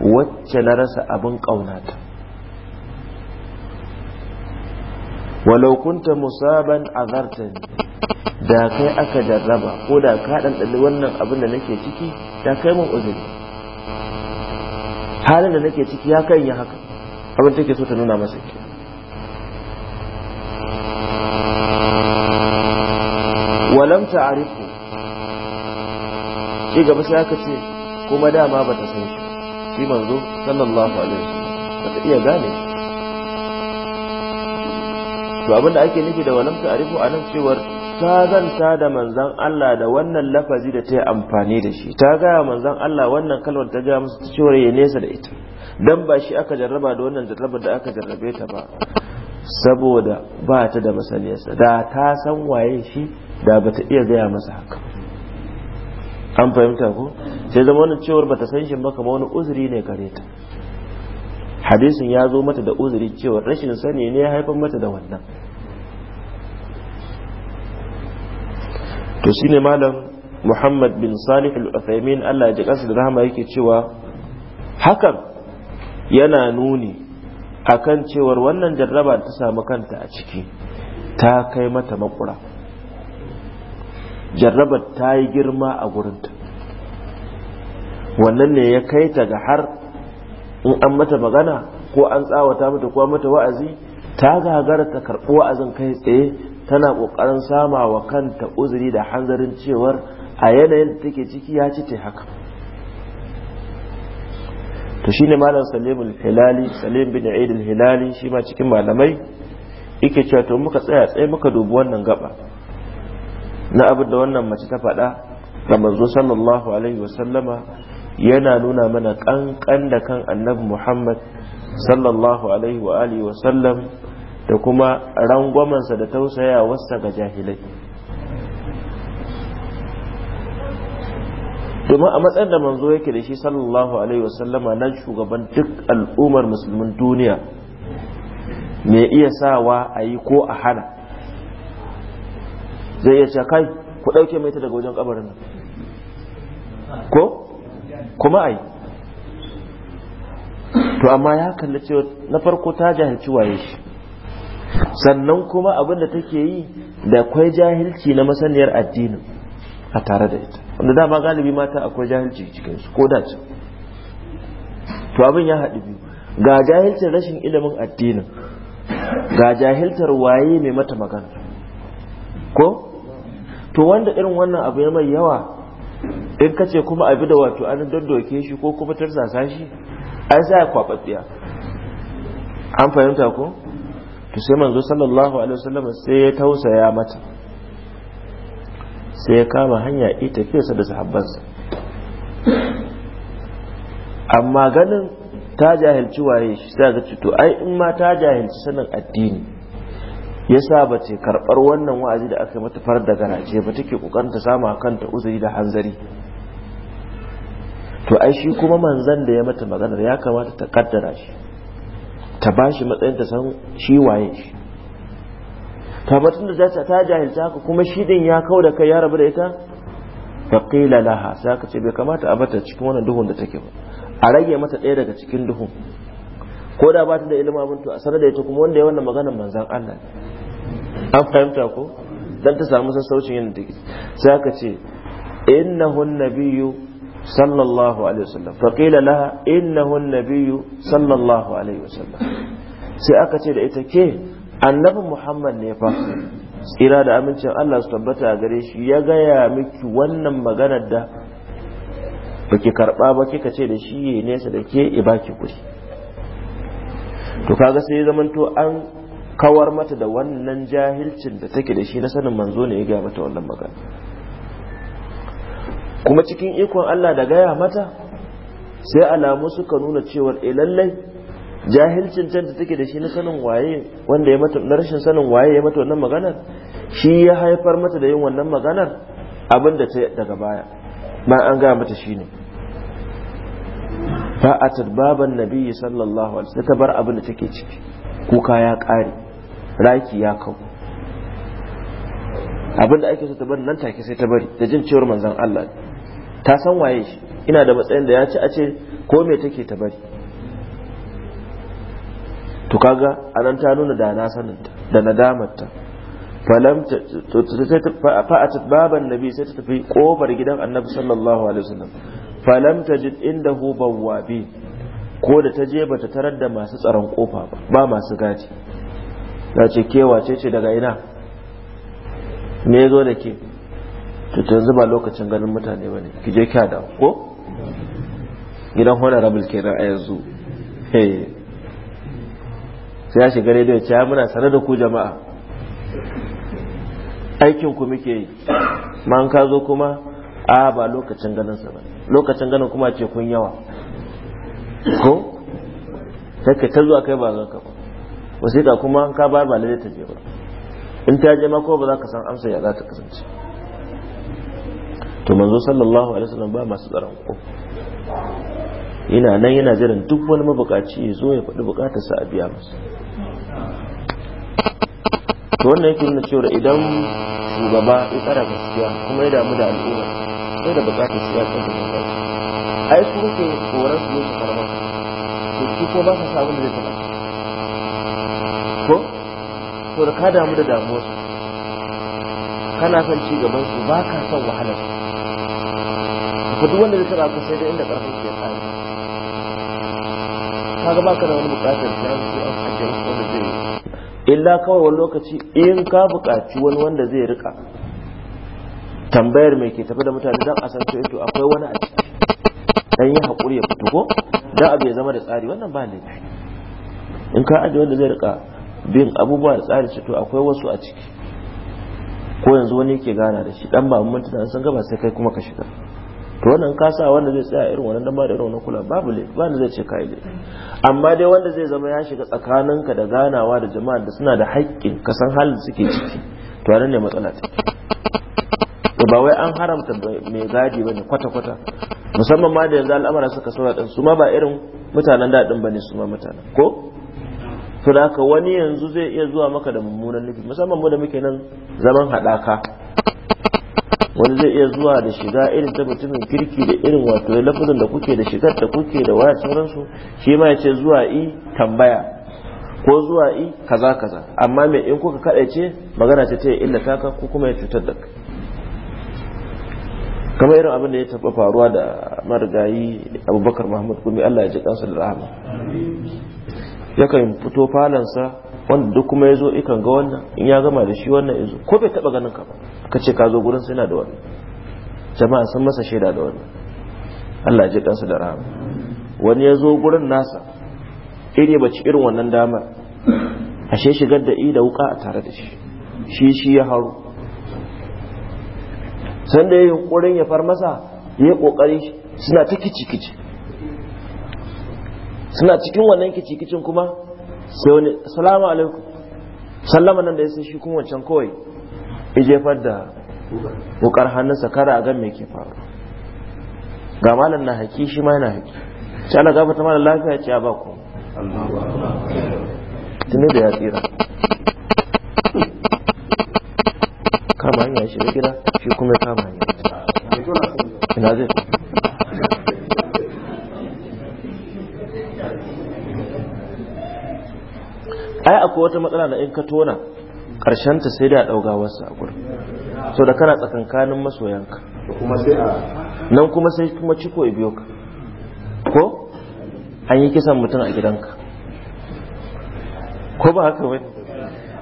Speaker 1: wacce na rasa abin ƙaunata walau kunta musaban azartan da kai aka jarraba ko da ka ɗanɗani wannan abin da nake ciki da kai mun uzuri halin da nake ciki ya kan yi haka abin take so ta nuna masa ke walam ta'arifu ci gaba sai aka ce kuma dama bata san shi shi manzo sallallahu alaihi wasallam ta iya gane shi to da ake nufi da walam ta'rifu anan cewar ta zanta da manzon Allah da wannan lafazi da ta yi amfani da shi ta gaya manzon Allah wannan kalmar ta ga musu cewar ya nesa da ita dan ba shi aka jarraba da wannan jarrabar da aka jarrabe ta ba saboda ba ta da masaniyarsa da ta san waye shi da ba ta iya gaya masa haka an fahimta ko sai zama wannan cewar ta san shi ba kamar wani uzuri ne gare ta hadisin ya zo mata da uzuri cewa rashin sani ne ya haifar mata da wannan to shine malam muhammad bin salih al-uthaymin Allah ya ji kansa da rahama yake cewa hakan yana nuni akan cewar wannan jarraba ta samu kanta a ciki ta kai mata makura jarrabar ta yi girma a gurinta wannan ne ya kai ta ga har in an mata magana ko an tsawata mata ko mata wa'azi ta gagara ta karɓi wa'azin kai tsaye tana ƙoƙarin sama wa kanta uzuri da hanzarin cewar a yanayin da take ciki ya ci ta haka to shi ne malam salim hilali salim bin aid hilali shi ma cikin malamai Ike cewa to muka tsaya tsaye muka dubi wannan gaba na abin da wannan mace ta faɗa ga manzo sallallahu alaihi wasallama yana nuna mana kankan da kan annabi muhammad sallallahu alaihi wa alihi wa sallam da kuma rangwamansa da tausayawarsa ga jahilai domin a matsayin da manzo yake da shi sallallahu alaihi wa sallama nan shugaban duk al'ummar musulmin duniya mai iya sawa a yi ko a hana zai iya ce ku ɗauke mai ta daga wajen kabarin ko kuma ai to amma ya kalli cewa na farko ta jahilci waye shi sannan kuma abin da take yi da akwai jahilci na masaniyar addinin a tare da ita wanda dama galibi mata akwai jahilci cikin su ko da ce to abin ya haɗu biyu ga jahilcin rashin ilimin addinin ga jahiltar waye mai mata magana ko to wanda irin wannan abu ya mai yawa in ka ce kuma abi da wato an doke shi ko kuma tarza shi ai sai ya kwaɓaɓɓiya an fahimta ko to sai manzo sallallahu alaihi wasallam sai ya tausaya mata sai ya kama hanya ita sa da sahabbansa amma ganin ta jahilci waye shi sai ga to ai in ma ta jahilci sanin addini yasa ba ce karɓar wannan wa'azi da aka mata farar da garaje ba take kokarin ta samu kanta uzuri da hanzari to ai shi kuma manzan da ya mata maganar ya kamata ta kaddara shi ta ba shi matsayin ta san shi waye shi ta batun da ta jahilta haka kuma shi din ya kau da kai ya rabu da ita faƙila laha sai aka ce bai kamata a bata cikin wannan duhun da take ba a rage mata ɗaya daga cikin duhun ko da ba ta da ilimin abin to a sanar da ita kuma wanda ya wannan maganar manzan Allah an fahimta ko dan ta samu sassaucin yin da sai aka ce innahun nabiyyu صلى الله عليه وسلم فقيل لها إنه النبي صلى الله عليه وسلم na الإتكي النبي محمد نيفا tsira da amincin Allah su tabbata a gare shi ya gaya miki wannan maganar da baki karba ba kika ce da shi ne nesa da ke i baki kuɗi to kaga sai zamanto an kawar mata da wannan jahilcin da take da shi na sanin manzo ne ya gaya mata wannan magana kuma cikin ikon Allah da gaya mata sai alamu suka nuna cewar e lallai jahilcin can da take da shi na sanin waye wanda ya mata na rashin sanin waye ya mata wannan maganar shi ya haifar mata da yin wannan maganar abin da ta daga baya ba an gaya mata shine Ba a baban nabi sallallahu alaihi wasallam ta bar abin da take ciki kuka ya kare raki ya kawo abin da ake so ta bari nan take sai ta bari da jin cewar manzon Allah ta san waye shi ina da matsayin da ya ci a ce ko me take ta bari to kaga anan ta nuna da na ta da nadamarta falam fa'atat baban nabi sai ta tafi kofar gidan annabi sallallahu alaihi wasallam falam tajid indahu bawabi ko da ta je bata tarar da masu tsaron kofa ba ba masu gadi ta ce kewace ce daga ina me zo da ke to zuba ba lokacin ganin mutane ba ne ki je kya da ko gidan honorable kenan a yanzu sai ya shiga rediyo ce muna sanar da ku jama'a aikin ku muke yi ma ka zo kuma a ba lokacin ganin sa ba lokacin ganin kuma ce kun yawa ko take ta zuwa kai ba zan ka ba wasiƙa kuma an ka ba ba lalle ta je ba in ta je ma ko ba za ka san amsa ya za ta kasance to manzo sallallahu alaihi wasallam ba masu tsaron ko ina nan yana jiran duk wani mabukaci ya zo ya faɗi sa a biya masa to wannan yake nuna cewa idan shugaba ya tsara gaskiya kuma ya damu da al'umma sai da bukatar siya kan da kan ai su ke koran su ne karama to su ko ba sa samu da zai ko to da ka damu da damuwarsu kana son ci gaban su ba ka son wahalar su fa duk wanda zai taba ka sai da inda karfin ke Ka kaga baka da wani bukatar da zai ake wanda zai yi illa kawai wani lokaci in ka bukaci wani wanda zai rika tambayar mai ke tafi da mutane don a san cewa to akwai wani a ciki dan yi hakuri ya fito ko dan abu ya zama da tsari wannan ba ne in ka aje wanda zai rika bin abubuwa da tsari to akwai wasu a ciki ko yanzu wani yake gana da shi dan ba mun tunanin sun gaba sai kai kuma ka shiga to wannan kasa wanda zai tsaya irin wannan dan ba da irin wannan kula babu le ba zai ce kai le amma dai wanda zai zama ya shiga tsakaninka da ganawa da jama'a da suna da haƙƙin ka san halin suke ciki to wannan ne matsala ta ba wai an haramta mai gadi bane kwata kwata musamman ma da yanzu al'amara suka saura din su ma ba irin mutanen din bane su ma mutanen ko to da haka wani yanzu zai iya zuwa maka da mummunan nufi musamman mu da muke nan zaman haɗaka wani zai iya zuwa da shiga irin ta mutumin kirki da irin wato lafazin da kuke da shigar da kuke da waya sauransu shi ma ya ce zuwa i tambaya ko zuwa i kaza kaza amma mai in kuka kaɗaice magana ce ta illa taka ko kuma ya cutar da ka kamar irin abin da ya taɓa faruwa da marigayi abubakar muhammad gumi allah ya ji kansa da rahama yakan fito falansa wanda duk kuma ya zo ikan ga wannan in ya gama da shi wannan ya zo ko bai taɓa ganin ka ba ka ce ka zo gudun suna yana da wani. jama'a sun masa shaida da wani. Allah ji kansu da rahama wani ya zo gudun nasa iri ci irin wannan damar ashe shigar da i da wuka a tare da shi shi shi ya haro sanda ya yi yunkurin ya far masa ya yi kokari suna ta kici-kici suna cikin wannan kici-kicin kuma sai wani salamu alaikum sallama nan da ya sai shi kuma wancan kawai ijefar da wukar hannunsa kara a gan me ke faru ga malam na haki shi ma yana haki ci ala gafata malam lafiya ce a ba ku tuni da ya tsira kama hanya shi da gida shi kuma ya kama hanya ina zai ai akwai wata matsala da in ka tona ta sai da ɗauga wasu a gurin so da kana tsakankanin masoyanka nan kuma sai kuma ciko ya biyo ka ko an yi kisan mutum a gidanka ko ba haka wani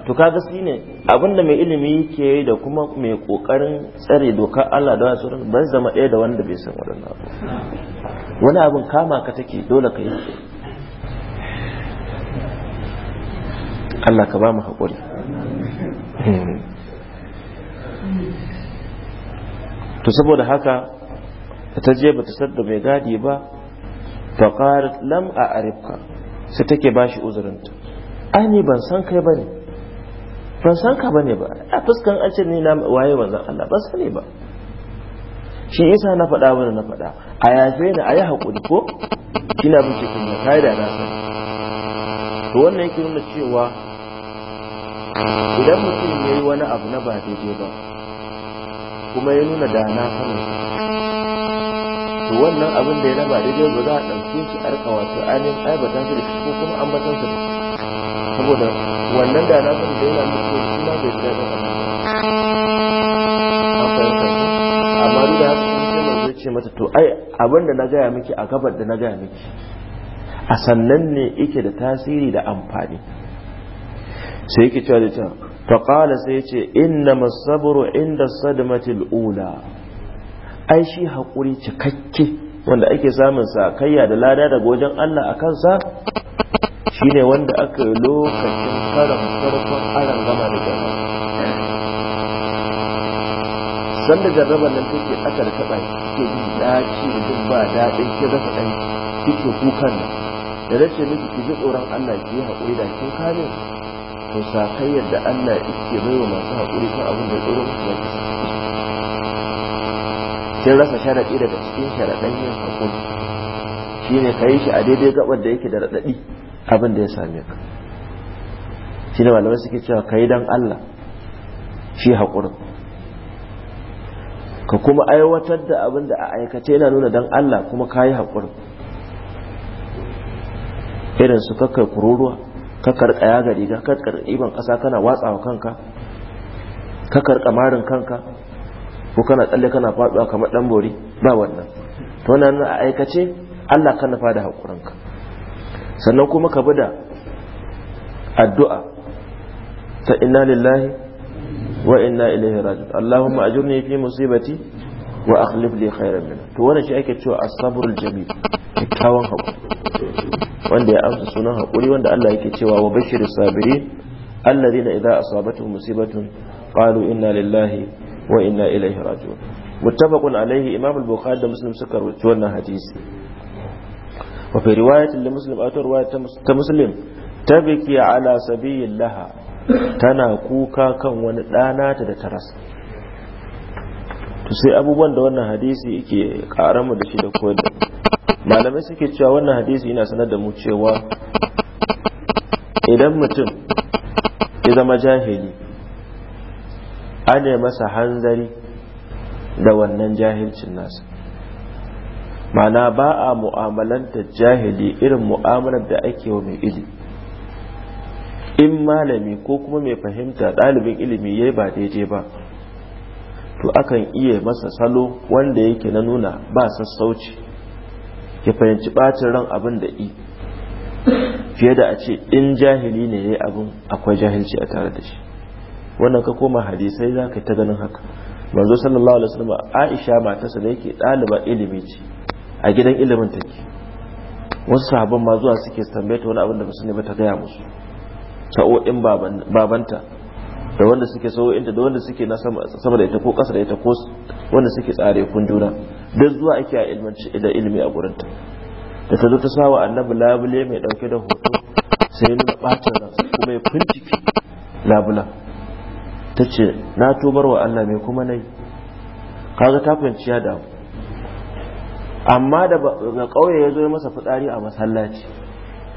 Speaker 1: to kaga shi ne abinda mai ilimi yake da kuma mai kokarin tsare doka Allah da wasu ban zama ɗaya da wanda bai san waɗannan
Speaker 2: abu
Speaker 1: wani abin kama ka take dole ka yi Allah ka ba mu haƙuri Hmm. to saboda haka ta je ba ta sadda mai gadi ba ta ƙara lam a arifka sai take ba shi uzurinta ai ni ban san kai ba ne. ban san ka ba ne ba a fuskan an ce ni na waye wanzan Allah ban sani ba shi isa na faɗa wani na faɗa a yafe ni a yi haƙuri ko kina bin cikin na kai da na sani to wannan yake nuna cewa idan mutum ya yi wani abu na ba daidai ba kuma ya nuna da na sanin to wannan abin da ya na ba daidai ba za a ɗauke shi a rika wato ainihin aibatan su da shi ko kuma ambatan shi saboda wannan da na sanin da yana mutum shi ma bai da ba amma duk da haka sun ce mai ce mata to ai abin da na gaya miki a gabar da na gaya miki a sannan ne yake da tasiri da amfani sai yake cewa da ta faƙala sai ce inna masaburu inda sadmatil ula ai shi haƙuri cikakke wanda ake samun sakayya da lada daga wajen Allah a kansa shine wanda aka yi lokacin karan farkon aran gama da gama sanda jarrabar nan take aka taɓa ke yi daci da duk ba daɗin ki rasa ɗan kike kukan da rashin miki ki ji tsoron Allah ki yi haƙuri da kin kare to sakayyar da Allah yake wa masu haƙuri kan abin da tsoron tsoro musu ya kisa kin rasa sharaɗi daga cikin sharaɗan yin haƙuri
Speaker 2: shi ne ka yi shi a daidai
Speaker 1: gabar da yake da raɗaɗi abin da ya same ka shi ne malamai suke cewa ka yi don Allah shi haƙurin ka kuma aiwatar da abin da a aikace yana nuna don Allah kuma ka yi haƙurin irin su kakkai kururuwa kakar kaya ga riga kakar iban kasa kana watsawa kanka kakar kamarin kanka ko kana tsalle kana faɗuwa kamar dan bori ba wannan to wannan a aikace Allah ka nufa da hakurinka sannan kuma ka bi da addu'a ta inna lillahi wa inna ilaihi raji'un Allahumma ajurni fi musibati wa akhlif li khairan min to wannan shi ake cewa as-sabrul jamil kyakkyawan hakuri wanda ya amsa sunan hakuri wanda Allah yake cewa wa bashiris sabirin alladhina idza asabatuhum musibatun qalu inna lillahi wa inna ilaihi raji'un muttafaqun alaihi imam al-bukhari da muslim suka rawaito wannan hadisi wa fi riwayatin li muslim a riwayat ta muslim tabiki ala sabilillah tana kuka kan wani ta da ta rasa sai abubuwan da wannan hadisi yake karamu da shi da koyar malamai suke cewa wannan hadisi yana sanar da mu cewa idan mutum ya zama jahili ne masa hanzari da wannan jahilcin nasa mana ba a mu'amalanta jahili irin mu'amalar da ake wa mai ili in malami ko kuma mai fahimta ɗalibin ilimi ya ba daidai ba to akan iya masa salo wanda yake na nuna ba sassauci ya fahimci bacin ran abin da i fiye da a ce in jahili ne ya yi abin akwai jahilci a tare da shi wannan ka koma hadisai za ka ta ganin haka manzo sallallahu alaihi wasallam aisha matarsa da yake ɗaliba ilimi ce a gidan ilimin take wasu sahabban ma zuwa suke tambaye ta wani abin da ba su ne ba ta gaya musu sa'o'in babanta da wanda suke so da wanda suke na sama da ita ko kasa da ita ko wanda suke tsare kun juna don zuwa ake a ilmanci da ilimi a gurin ta da ta zo ta sawa annabi labule mai dauke da hoto sai ya nuna bacin ransa kuma ya finciki labulan ta ce na tobar wa Allah mai kuma nai kaga ta fahimci ya damu amma da ga ƙauye ya zo ya masa fitsari a masallaci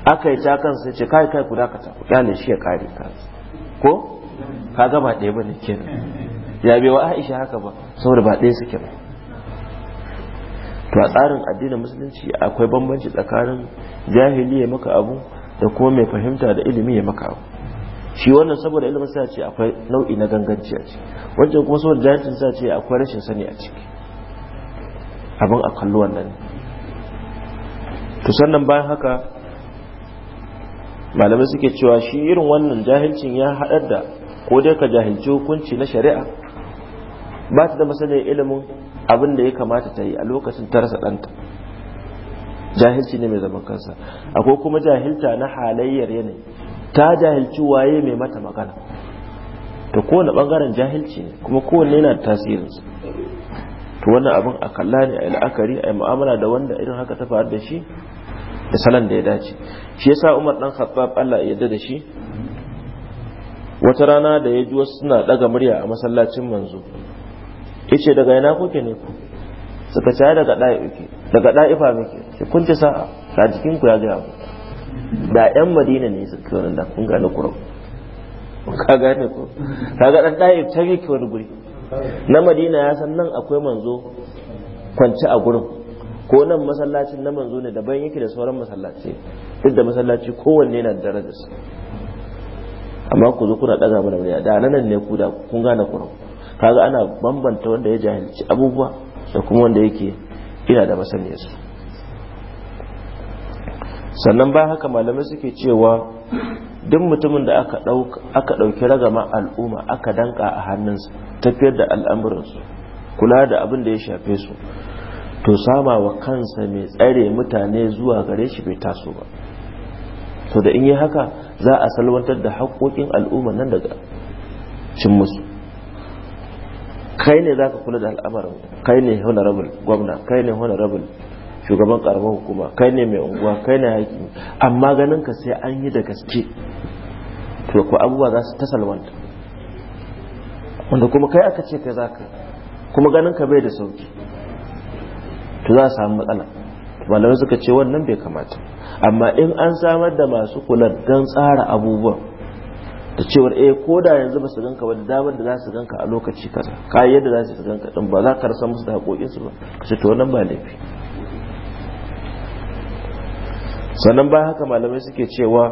Speaker 1: aka yi ta kansa ce kai kai ku dakata ku kyale shi ya kare kansa ko kaga ba ɗaya bane kenan ya bai wa Aisha haka ba saboda ba ɗaya suke ba to a tsarin addinin musulunci akwai bambanci tsakanin jahili ya maka abu da kuma mai fahimta da ilimi ya maka abu shi wannan saboda ilimin sa ce akwai nau'i na ganganci a ciki wancan kuma saboda jahilcin sa ce akwai rashin sani a ciki abin a kallo wannan to sannan bayan haka malamai suke cewa shi irin wannan jahilcin ya haɗar da ko dai ka jahilci hukunci na shari'a ba ta da masanin ilimin abin da ya kamata ta yi a lokacin ta rasa ɗanta jahilci ne mai zaman kansa akwai kuma jahilta na halayyar yanayi ta jahilci waye mai mata magana to kowane bangaren jahilci ne kuma kowanne yana da tasirinsa to wannan abin a kalla ne a la'akari a mu'amala da wanda irin haka ta faru da shi da salon da ya dace shi yasa Umar dan Khattab Allah ya yarda da shi wata rana da ya ji wasu suna daga murya a masallacin manzo ya ce daga yana kuke ne ku suka ce daga ɗa'ifa daga muke ke kun ci sa'a ka jikin ku ya gaya ku da yan madina ne su kiwon da kun gane kurau ka gane ku ka ga ɗan ɗa'if ta yake wani guri na madina ya san nan akwai manzo kwanci a gurin ko nan masallacin na manzo ne daban yake da sauran masallaci duk da masallaci kowanne na darajarsa amma ku zo kuna ɗaga mana murya da nan ne ku da kun gane ku kaga ana bambanta wanda ya jahilci abubuwa da kuma wanda yake ina da masaniyar su sannan ba haka malamai suke cewa duk mutumin da aka ɗauki ragama al'umma aka danka a hannunsa tafiyar da al'amuransu kula da abin da ya shafe su to sama wa kansa mai tsare mutane zuwa gare shi bai taso ba to da in yi haka za a salwantar da haƙoƙin al'umma nan daga cin musu kai ne za ka kula da al'amarin kai ne honorable gwamna kai ne honorable shugaban karamar hukuma kai ne mai unguwa kai ne haƙi amma ganin ka sai an yi da gaske to ku abubuwa za su ta salwanta wanda kuma kai aka ce kai za ka kuma ganin ka bai da sauki to za a samu matsala malamai suka ce wannan bai kamata amma in an samar da masu kula don tsara abubuwan da cewar eh ko da yanzu ba su ganka ba da damar da za su ganka a lokaci kaza kayan yadda za su ganka din ba za ka rasa musu da haƙoƙinsu ba ka ce to wannan ba laifi sannan ba haka malamai suke cewa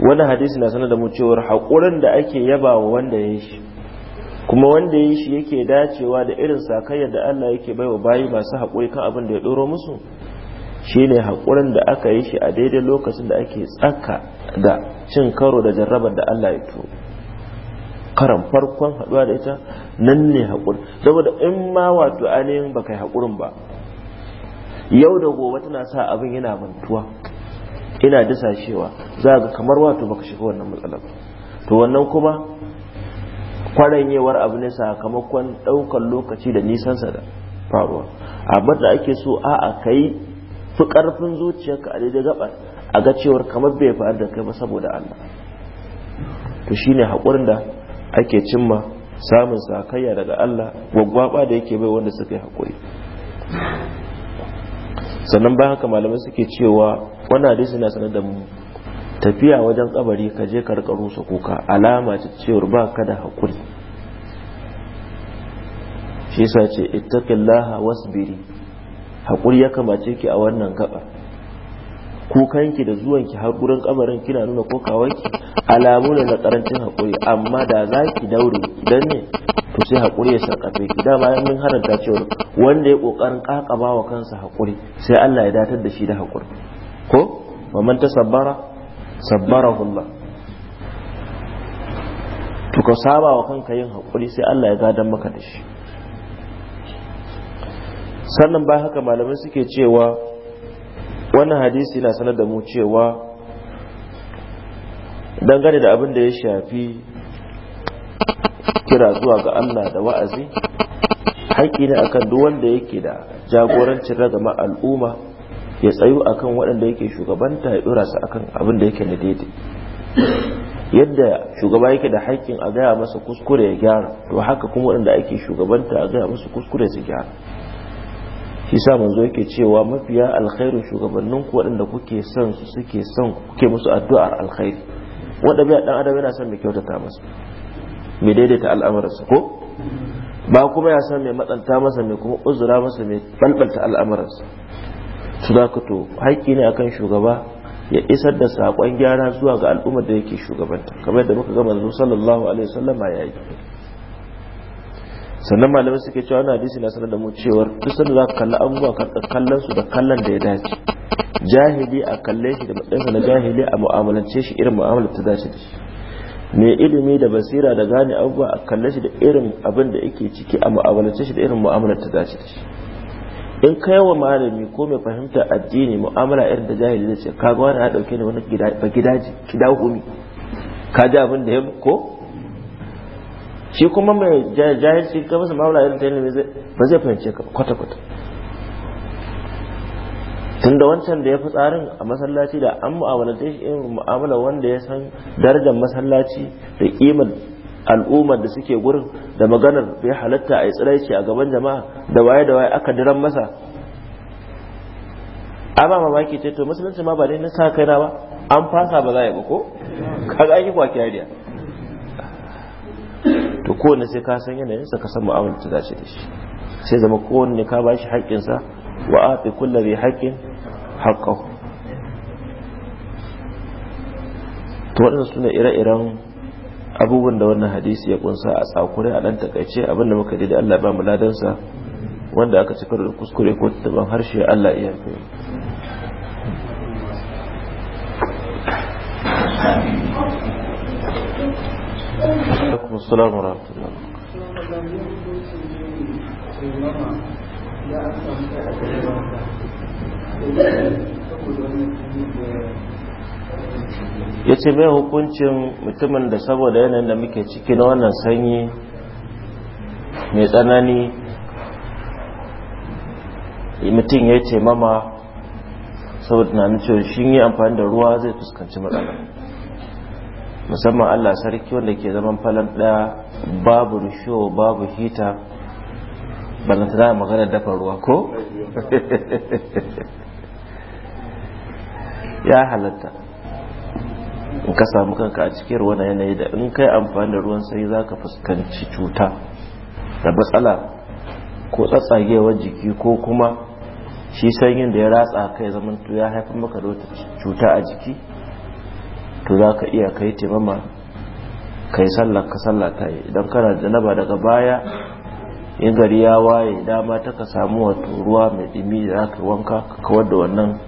Speaker 1: wani hadisi na sanar da mu cewar haƙurin da ake yaba wa wanda ya yi shi kuma wanda ya shi yake dacewa da irin sakayyar da Allah yake baiwa bayi masu haƙuri kan abin da ya ɗoro musu shi ne haƙurin da aka yi shi a daidai lokacin da ake tsaka da cin karo da jarrabar da Allah ya turo karan farkon haɗuwa da ita nan ne haƙuri saboda in ma wato ainihin ba kai haƙurin ba yau da gobe tana sa abin yana bantuwa ina dasashewa za ga kamar wato baka shiga wannan matsalar to wannan kuma kwaranyewar abu ne sakamakon ɗaukar lokaci da nisansa da faruwa abin da ake so a a kai fi ƙarfin zuciyarka a daidai gabar a ga cewar kamar bai faru da kai ba saboda Allah to shine hakurin da ake cimma samun sakayya daga Allah gwaggwaba da yake bai wanda suka yi hakuri sannan ba haka malamai suke cewa wani hadisi na sanar da mu tafiya wajen kabari ka je ka rika kuka alama ta cewar ba ka da hakuri shi sa ce wasu wasbiri hakuri ya kamace ki a wannan gaba kukanki da zuwanki har gurin kabarin kina nuna kokawarki alamu ne na karancin hakuri amma da za ki daure idan ne to sai hakuri ya sarkafe ki dama yan mun haranta cewa wanda ya kokarin kakaba wa kansa hakuri sai Allah ya datar da shi da hakuri ko wa man tasabbara sabbarahullah to ka saba wa kanka yin hakuri sai Allah ya gadan maka da shi sannan ba haka malamai suke cewa wannan hadisi na sanar da mu cewa dangane da abin da ya shafi kira zuwa ga Allah da wa'azi haƙi ne akan duk wanda yake da jagorancin ragama al'umma ya tsayu akan waɗanda yake shugabanta ya ɗora su akan abin da yake na daidai yadda shugaba yake da haƙƙin a gaya masa kuskure ya gyara to haka kuma waɗanda ake shugabanta a gaya masa kuskure su gyara shi sa manzo yake cewa mafiya alkhairu shugabannin ku waɗanda kuke son su suke son kuke musu addu'ar alkhairi wanda bai dan adam yana son mai kyautata masa mai daidaita al'amuransa ko ba kuma ya san mai matsanta masa mai kuma uzura masa mai balbalta al'amuransa su za ka to haƙƙi ne akan shugaba ya isar da saƙon gyara zuwa ga al'ummar da yake shugabanta kamar yadda muka gama zuwa, sallallahu alaihi wasallam ya yi sannan malamai suke cewa wani hadisi na sanar da mu cewar kusan za ka kalli abubuwa kallon su da kallon da ya dace jahili a kalle shi da matsayinsa na jahili a mu'amalance shi irin mu'amalar ta dace da shi mai ilimi da basira da gane abubuwa a kalle shi da irin abin da yake ciki a mu'amalance shi da irin mu'amalar ta dace da shi in kai wa malami ko mai fahimta addini mu'amala irin da jahili zai ce ga wani ya dauke ne wani ba gidaje gida humi ka ji abin da ya ko shi kuma mai jahilci ka masa mu'amala irin ta ilimi ba zai fahimce ka kwata kwata tun da wancan da ya fi tsarin a masallaci da an da shi irin mu'amala wanda ya san darajar masallaci da kimar al'ummar da suke gurin da maganar bai halatta a yi tsiraici a gaban jama'a da waye da waye aka diran masa amma mamaki ce to musulunci ma ba dai na sa kaina ba an fasa ba za a yi ba ko ka an yi kwaki hadiya to ko ne sai ka san sa ka san mu'amala ta dace da shi sai zama ko ne ka ba shi haƙƙinsa wa afi kulla bi haƙƙin haƙƙahu to su ne ire-iren abubuwan da wannan hadisi ya kunsa a tsakure a ɗan takaice abinda muka da Allah ba mu ladansa wanda aka cikar da kuskure ko taban harshe Allah iya fiye Assalamu ya ce mai hukuncin mutumin da saboda yanayin da muke ciki na wannan sanyi mai tsanani mutum ya ce mama saboda na cewa shi yi amfani da ruwa zai fuskanci matsala musamman allah sarki wanda ke zaman falon ɗaya babu rushewa babu hita balantana magana dafa ruwa ko *laughs* ya halatta in ka samu kanka a cikin ruwan yanayi da in kai amfani da ruwan sai za ka fuskanci cuta da matsala ko tsatsagewar jiki ko kuma shi sanyin da ya ratsa kai zaman tu ya haifar maka da wata cuta a jiki to za ka iya kai taimama kai sallar ka sallar ta yi idan kana da daga baya in gari ya waye dama ta ka samu wato ruwa mai ɗimi da za wanka ka kawar da wannan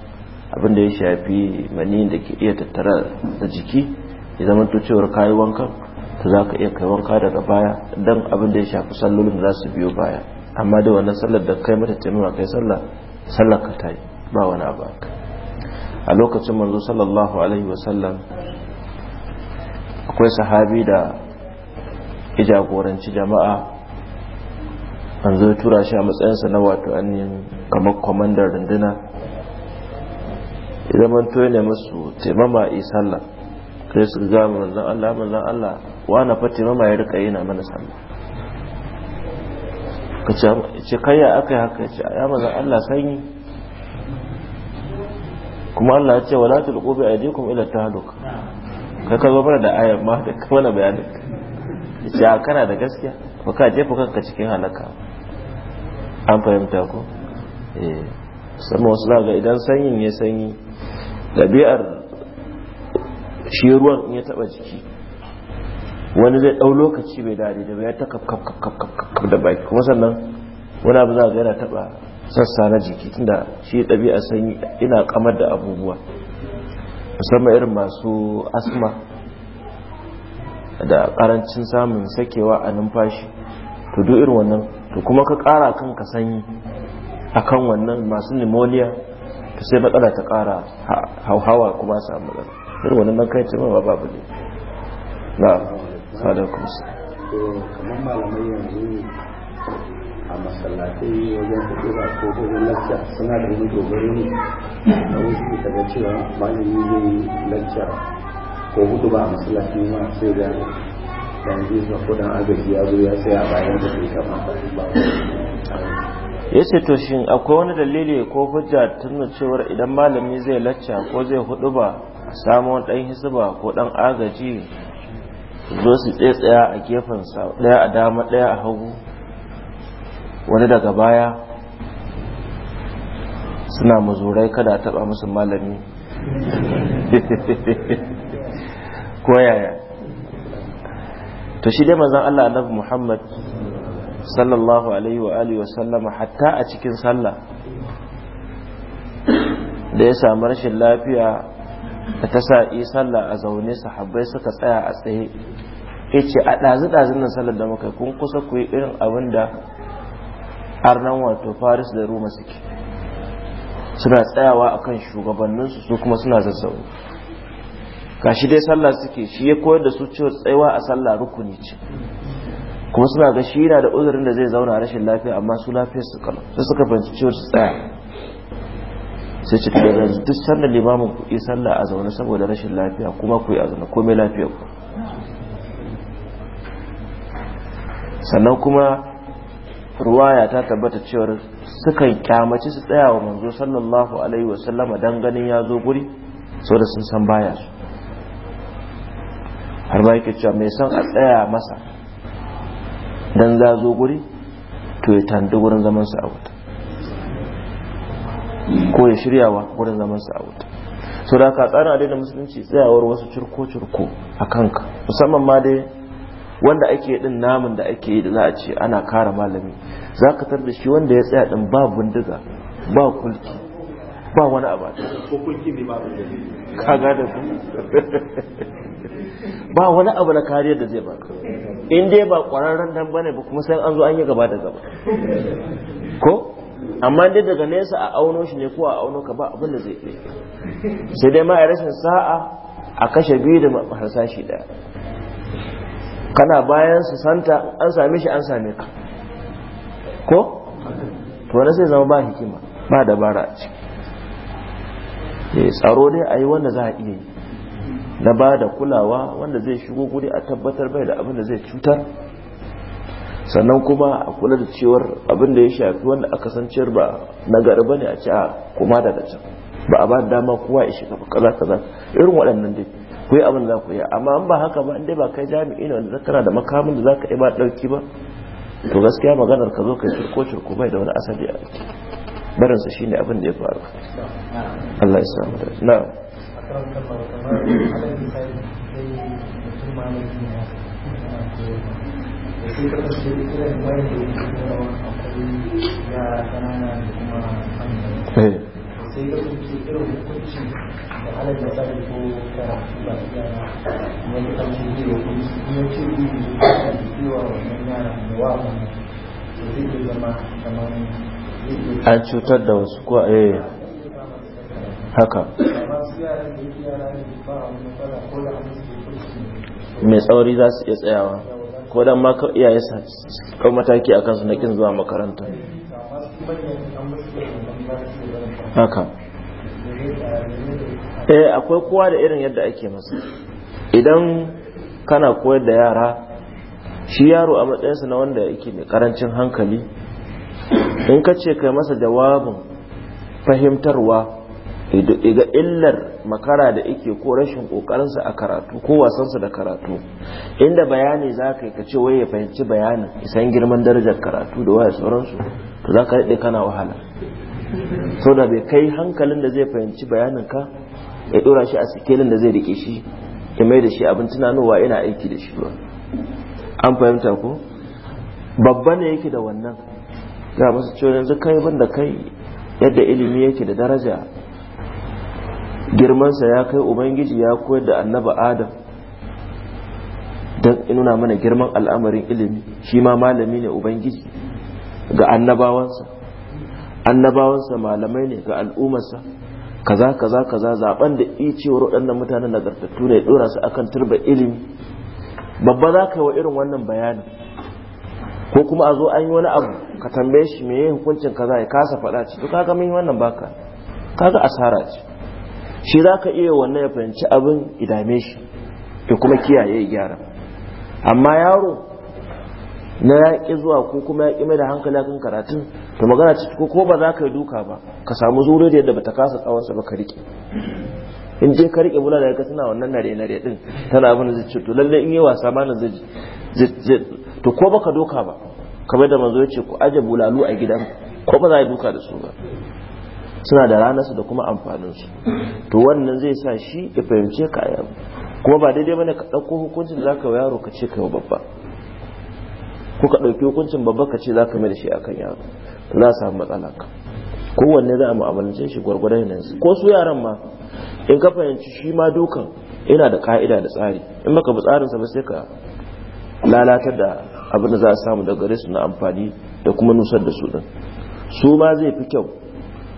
Speaker 1: abin da ya shafi mani da ke iya tattara da jiki ya zama to cewar kayi wanka to za ka iya kai wanka daga baya don abin da ya shafi sallolin za su biyo baya amma da wannan sallar da kai mata taimama kai sallar sallar ka ta yi ba wani abu a lokacin manzo sallallahu alaihi wasallam akwai sahabi da ya jagoranci jama'a manzo tura shi a matsayinsa na wato annin kamar kwamandar runduna ya zama to ne musu taimama yi sallah kai su ga manzon Allah manzon Allah wa na fa taimama ya rika yana mana sallah ka ce kai ya aka yi haka ya ce ya manzon Allah sanyi kuma Allah ya ce wala tulqu bi aydikum ila tahluk kai ka zo mana da ayar ma da kuma na bayanin ya kana da gaskiya ba ka jefa kanka cikin halaka an fahimta ko eh sama wasu ga idan sanyin ya sanyi ɗabi'ar shi ruwan in ya taɓa jiki wani zai ɗau lokaci bai dade da ya ta kaf da baki kuma sannan wani abu za yana taɓa sassa na jiki tunda shi ɗabi'ar sanyi ina kamar da abubuwa musamman irin masu asma da ƙarancin samun sakewa a numfashi to duk irin wannan to kuma ka ƙara kanka sanyi a kan wannan masu pneumonia ta sai matsala ta ƙara hauhawa kuma samu matsala nan kai ce ma babu ne na sadaukarsu
Speaker 2: kamar malamai yanzu a masallatai wajen kira ko wajen lacca suna da wani dogari ne na wasu ga cewa malami zai lacca ko hudu ba a masallaci ma sai da yanzu ga kudan agaji ya zo ya tsaya bayan da ke kama ba
Speaker 1: ya ce to shin akwai wani dalili ko hujja tun cewar idan malami zai lacca ko zai hudu ba samu dan hisba ko dan agaji zo su tsaya a gefen sa daya a dama daya a hagu wani daga baya suna mazurai kada a taba musu malami *laughs* ko yaya to shi dai manzon Allah annabi Muhammad sallallahu alaihi wa alihi wasallama hatta a cikin sallah da ya samu rashin lafiya da ta sa yi sallah a zaune sahabbai suka tsaya a tsaye ya ce a ɗazu ɗazun nan sallar da muka kun kusa ku yi irin abin da arnan wato faris da roma suke suna tsayawa a kan shugabanninsu su kuma suna zazzabu gashi dai sallah suke shi ya koyar da su cewa tsayawa a sallah rukuni ce kuma suna ga shi yana da uzurin da zai zauna rashin lafiya amma su lafiya su kala su suka fahimci cewa su tsaya sai ci tare da duk sannan limamin ku yi sallah a zaune saboda rashin lafiya kuma ku yi a zaune komai lafiya ku sannan kuma ruwaya ta tabbata cewar sukan kyamaci su tsaya wa manzo sallallahu alaihi wasallama don ganin ya zo guri saboda sun san baya su har ba yake cewa mai son a tsaya masa dan za zo guri to ya tandi gurin zaman sa a wuta ko ya shiryawa gurin zaman sa a wuta so da ka tsarin adai da musulunci tsayawar wasu cirko cirko a kanka musamman ma dai wanda ake din namun da ake yi da za a ce ana kara malami za ka tar da shi wanda ya tsaya din ba bindiga ba kulki ba wani abu ka da su ba wani abu na kariyar da zai ba in dai ba kwararren dan bane ba kuma sai an zo an yi gaba da gaba ko amma dai daga nesa a auno shi ne ko a auno ka ba abin da zai yi sai dai ma a rashin sa'a a kashe biyu da harsashi daya kana bayan su santa an same shi an same ka ko to wani sai zama ba hikima ba dabara a ciki Eh, tsaro dai a yi wanda za a iya yi na ba da kulawa wanda zai shigo guri a tabbatar bai da abin da zai cutar sannan kuma a kula da cewar abin da ya shafi wanda aka san ba na gari ba ne a ci a kuma daga can ba a ba da dama kowa ya shiga ba kaza kaza irin waɗannan dai ku yi abin da za ku yi amma an ba haka ba in dai ba kai jami'i ne wanda kana da makamin da za ka iya ba ɗauki ba to gaskiya maganar ka zo kai cirko cirko bai da wani asali a barinsa shi ne abin da ya faru Allah ya samu da na
Speaker 2: sai da a
Speaker 1: cutar da wasu ko a eh, haka mai tsauri za su iya tsayawa ko dan ma iyaye sa kan mataki a kansu na kin zuwa makaranta haka eh akwai kowa da irin yadda ake masa idan kana koyar da yara shi yaro a matsayinsa na wanda yake mai karancin hankali in ka ce kai masa jawabin fahimtarwa ga illar makara da ike ko rashin kokarinsa a karatu ko wasansa da karatu inda bayani za ka yi ka ce wai ya fahimci bayanin isan girman darajar karatu da waya sauransu to za ka daɗe kana wahala sau da bai kai hankalin da zai fahimci bayanin ka ya ɗora shi a sikelin da zai rike shi ya mai da shi abin tunanowa ina aiki da shi ba an fahimta ko babba ne yake da wannan za masu cewa yanzu kai banda kai yadda ilimi yake da daraja girmansa ya kai ubangiji ya koyar da annaba adam don inuna mana girman al'amarin ilimi shi ma malami ne ubangiji ga annabawansa annabawansa malamai ne ga al'ummarsa kaza kaza kaza zaben da iya cewar waɗannan mutanen nagartattu ne ɗora su akan turba ilimi babba za ka yi wa irin wannan bayani ko kuma a zo an yi wani abu ka tambaye shi yi hukuncin ka kaza ya kasa faɗa ce to kaga min wannan baka kaga asara ce shi za ka iya wannan ya fahimci abin idame shi ya kuma kiyaye ya gyara amma yaro na yaƙi zuwa ko kuma yaƙi mai da hankali kan karatun to magana ce ko ba za ka yi duka ba ka samu zuri da yadda ba ta kasa tsawonsa ba ka riƙe in je ka riƙe bula daga suna wannan nare nare din tana abin da zai ce to lallai in yi wasa ma na zai to ko baka doka ba kamar da manzo yace ku aje bulalu a gidan ko ba za a doka da su ba suna da ranarsu da kuma amfanin su. to wannan zai sa shi ya fahimce ka ya kuma ba daidai bane ka dauko hukuncin za ka yaro ka ce ka yi babba ko ka ɗauki hukuncin babba ka ce za ka mai da shi akan yaro za a samu matsala ka kowanne za a mu'amalance shi gwargwadon yanzu ko su yaran ma in ka fahimci shi ma dukan yana da ka'ida da tsari in baka bi tsarinsa ba sai ka lalatar da abin da za a samu daga gare su na amfani da kuma nusar da su ɗin su ma zai fi kyau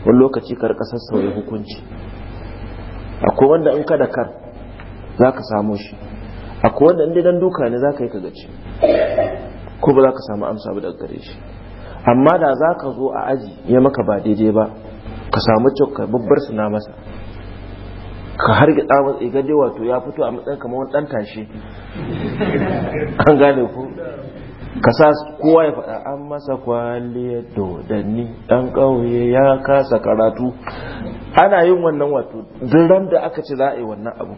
Speaker 1: wani lokaci kar kasar sauya hukunci akwai wanda in kada kar za ka samu shi akwai wanda in dan duka ne za ka yi ka ko ba za ka samu amsa ba daga gare shi amma da za ka zo a aji ya maka ba daidai ba ka samu cokka babbar suna masa ka har ga tsamun tsigade wato ya fito a matsayin kamar wani dan tashi an gane ku ka sa kowa ya faɗa an masa kwaliyar dodanni ɗan ƙauye ya kasa karatu ana yin wannan wato duran da aka ce za a yi wannan abu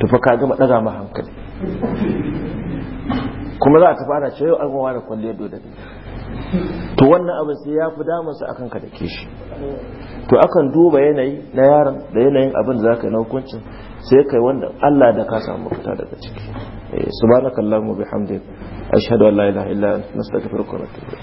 Speaker 1: tufa ka gama ɗaga ma hankali kuma za a tafi ana cewa an wawa da kwalliyar dodanni to wannan abin sai ya fi damansa akan ka da ke shi to akan duba yanayi na yaron da yanayin abin da za ka yi na hukuncin sai kai wanda Allah da ka samu fita daga ciki eh, subhanakallahumma bihamdika ashhadu an la ilaha illa anta astaghfiruka wa atubu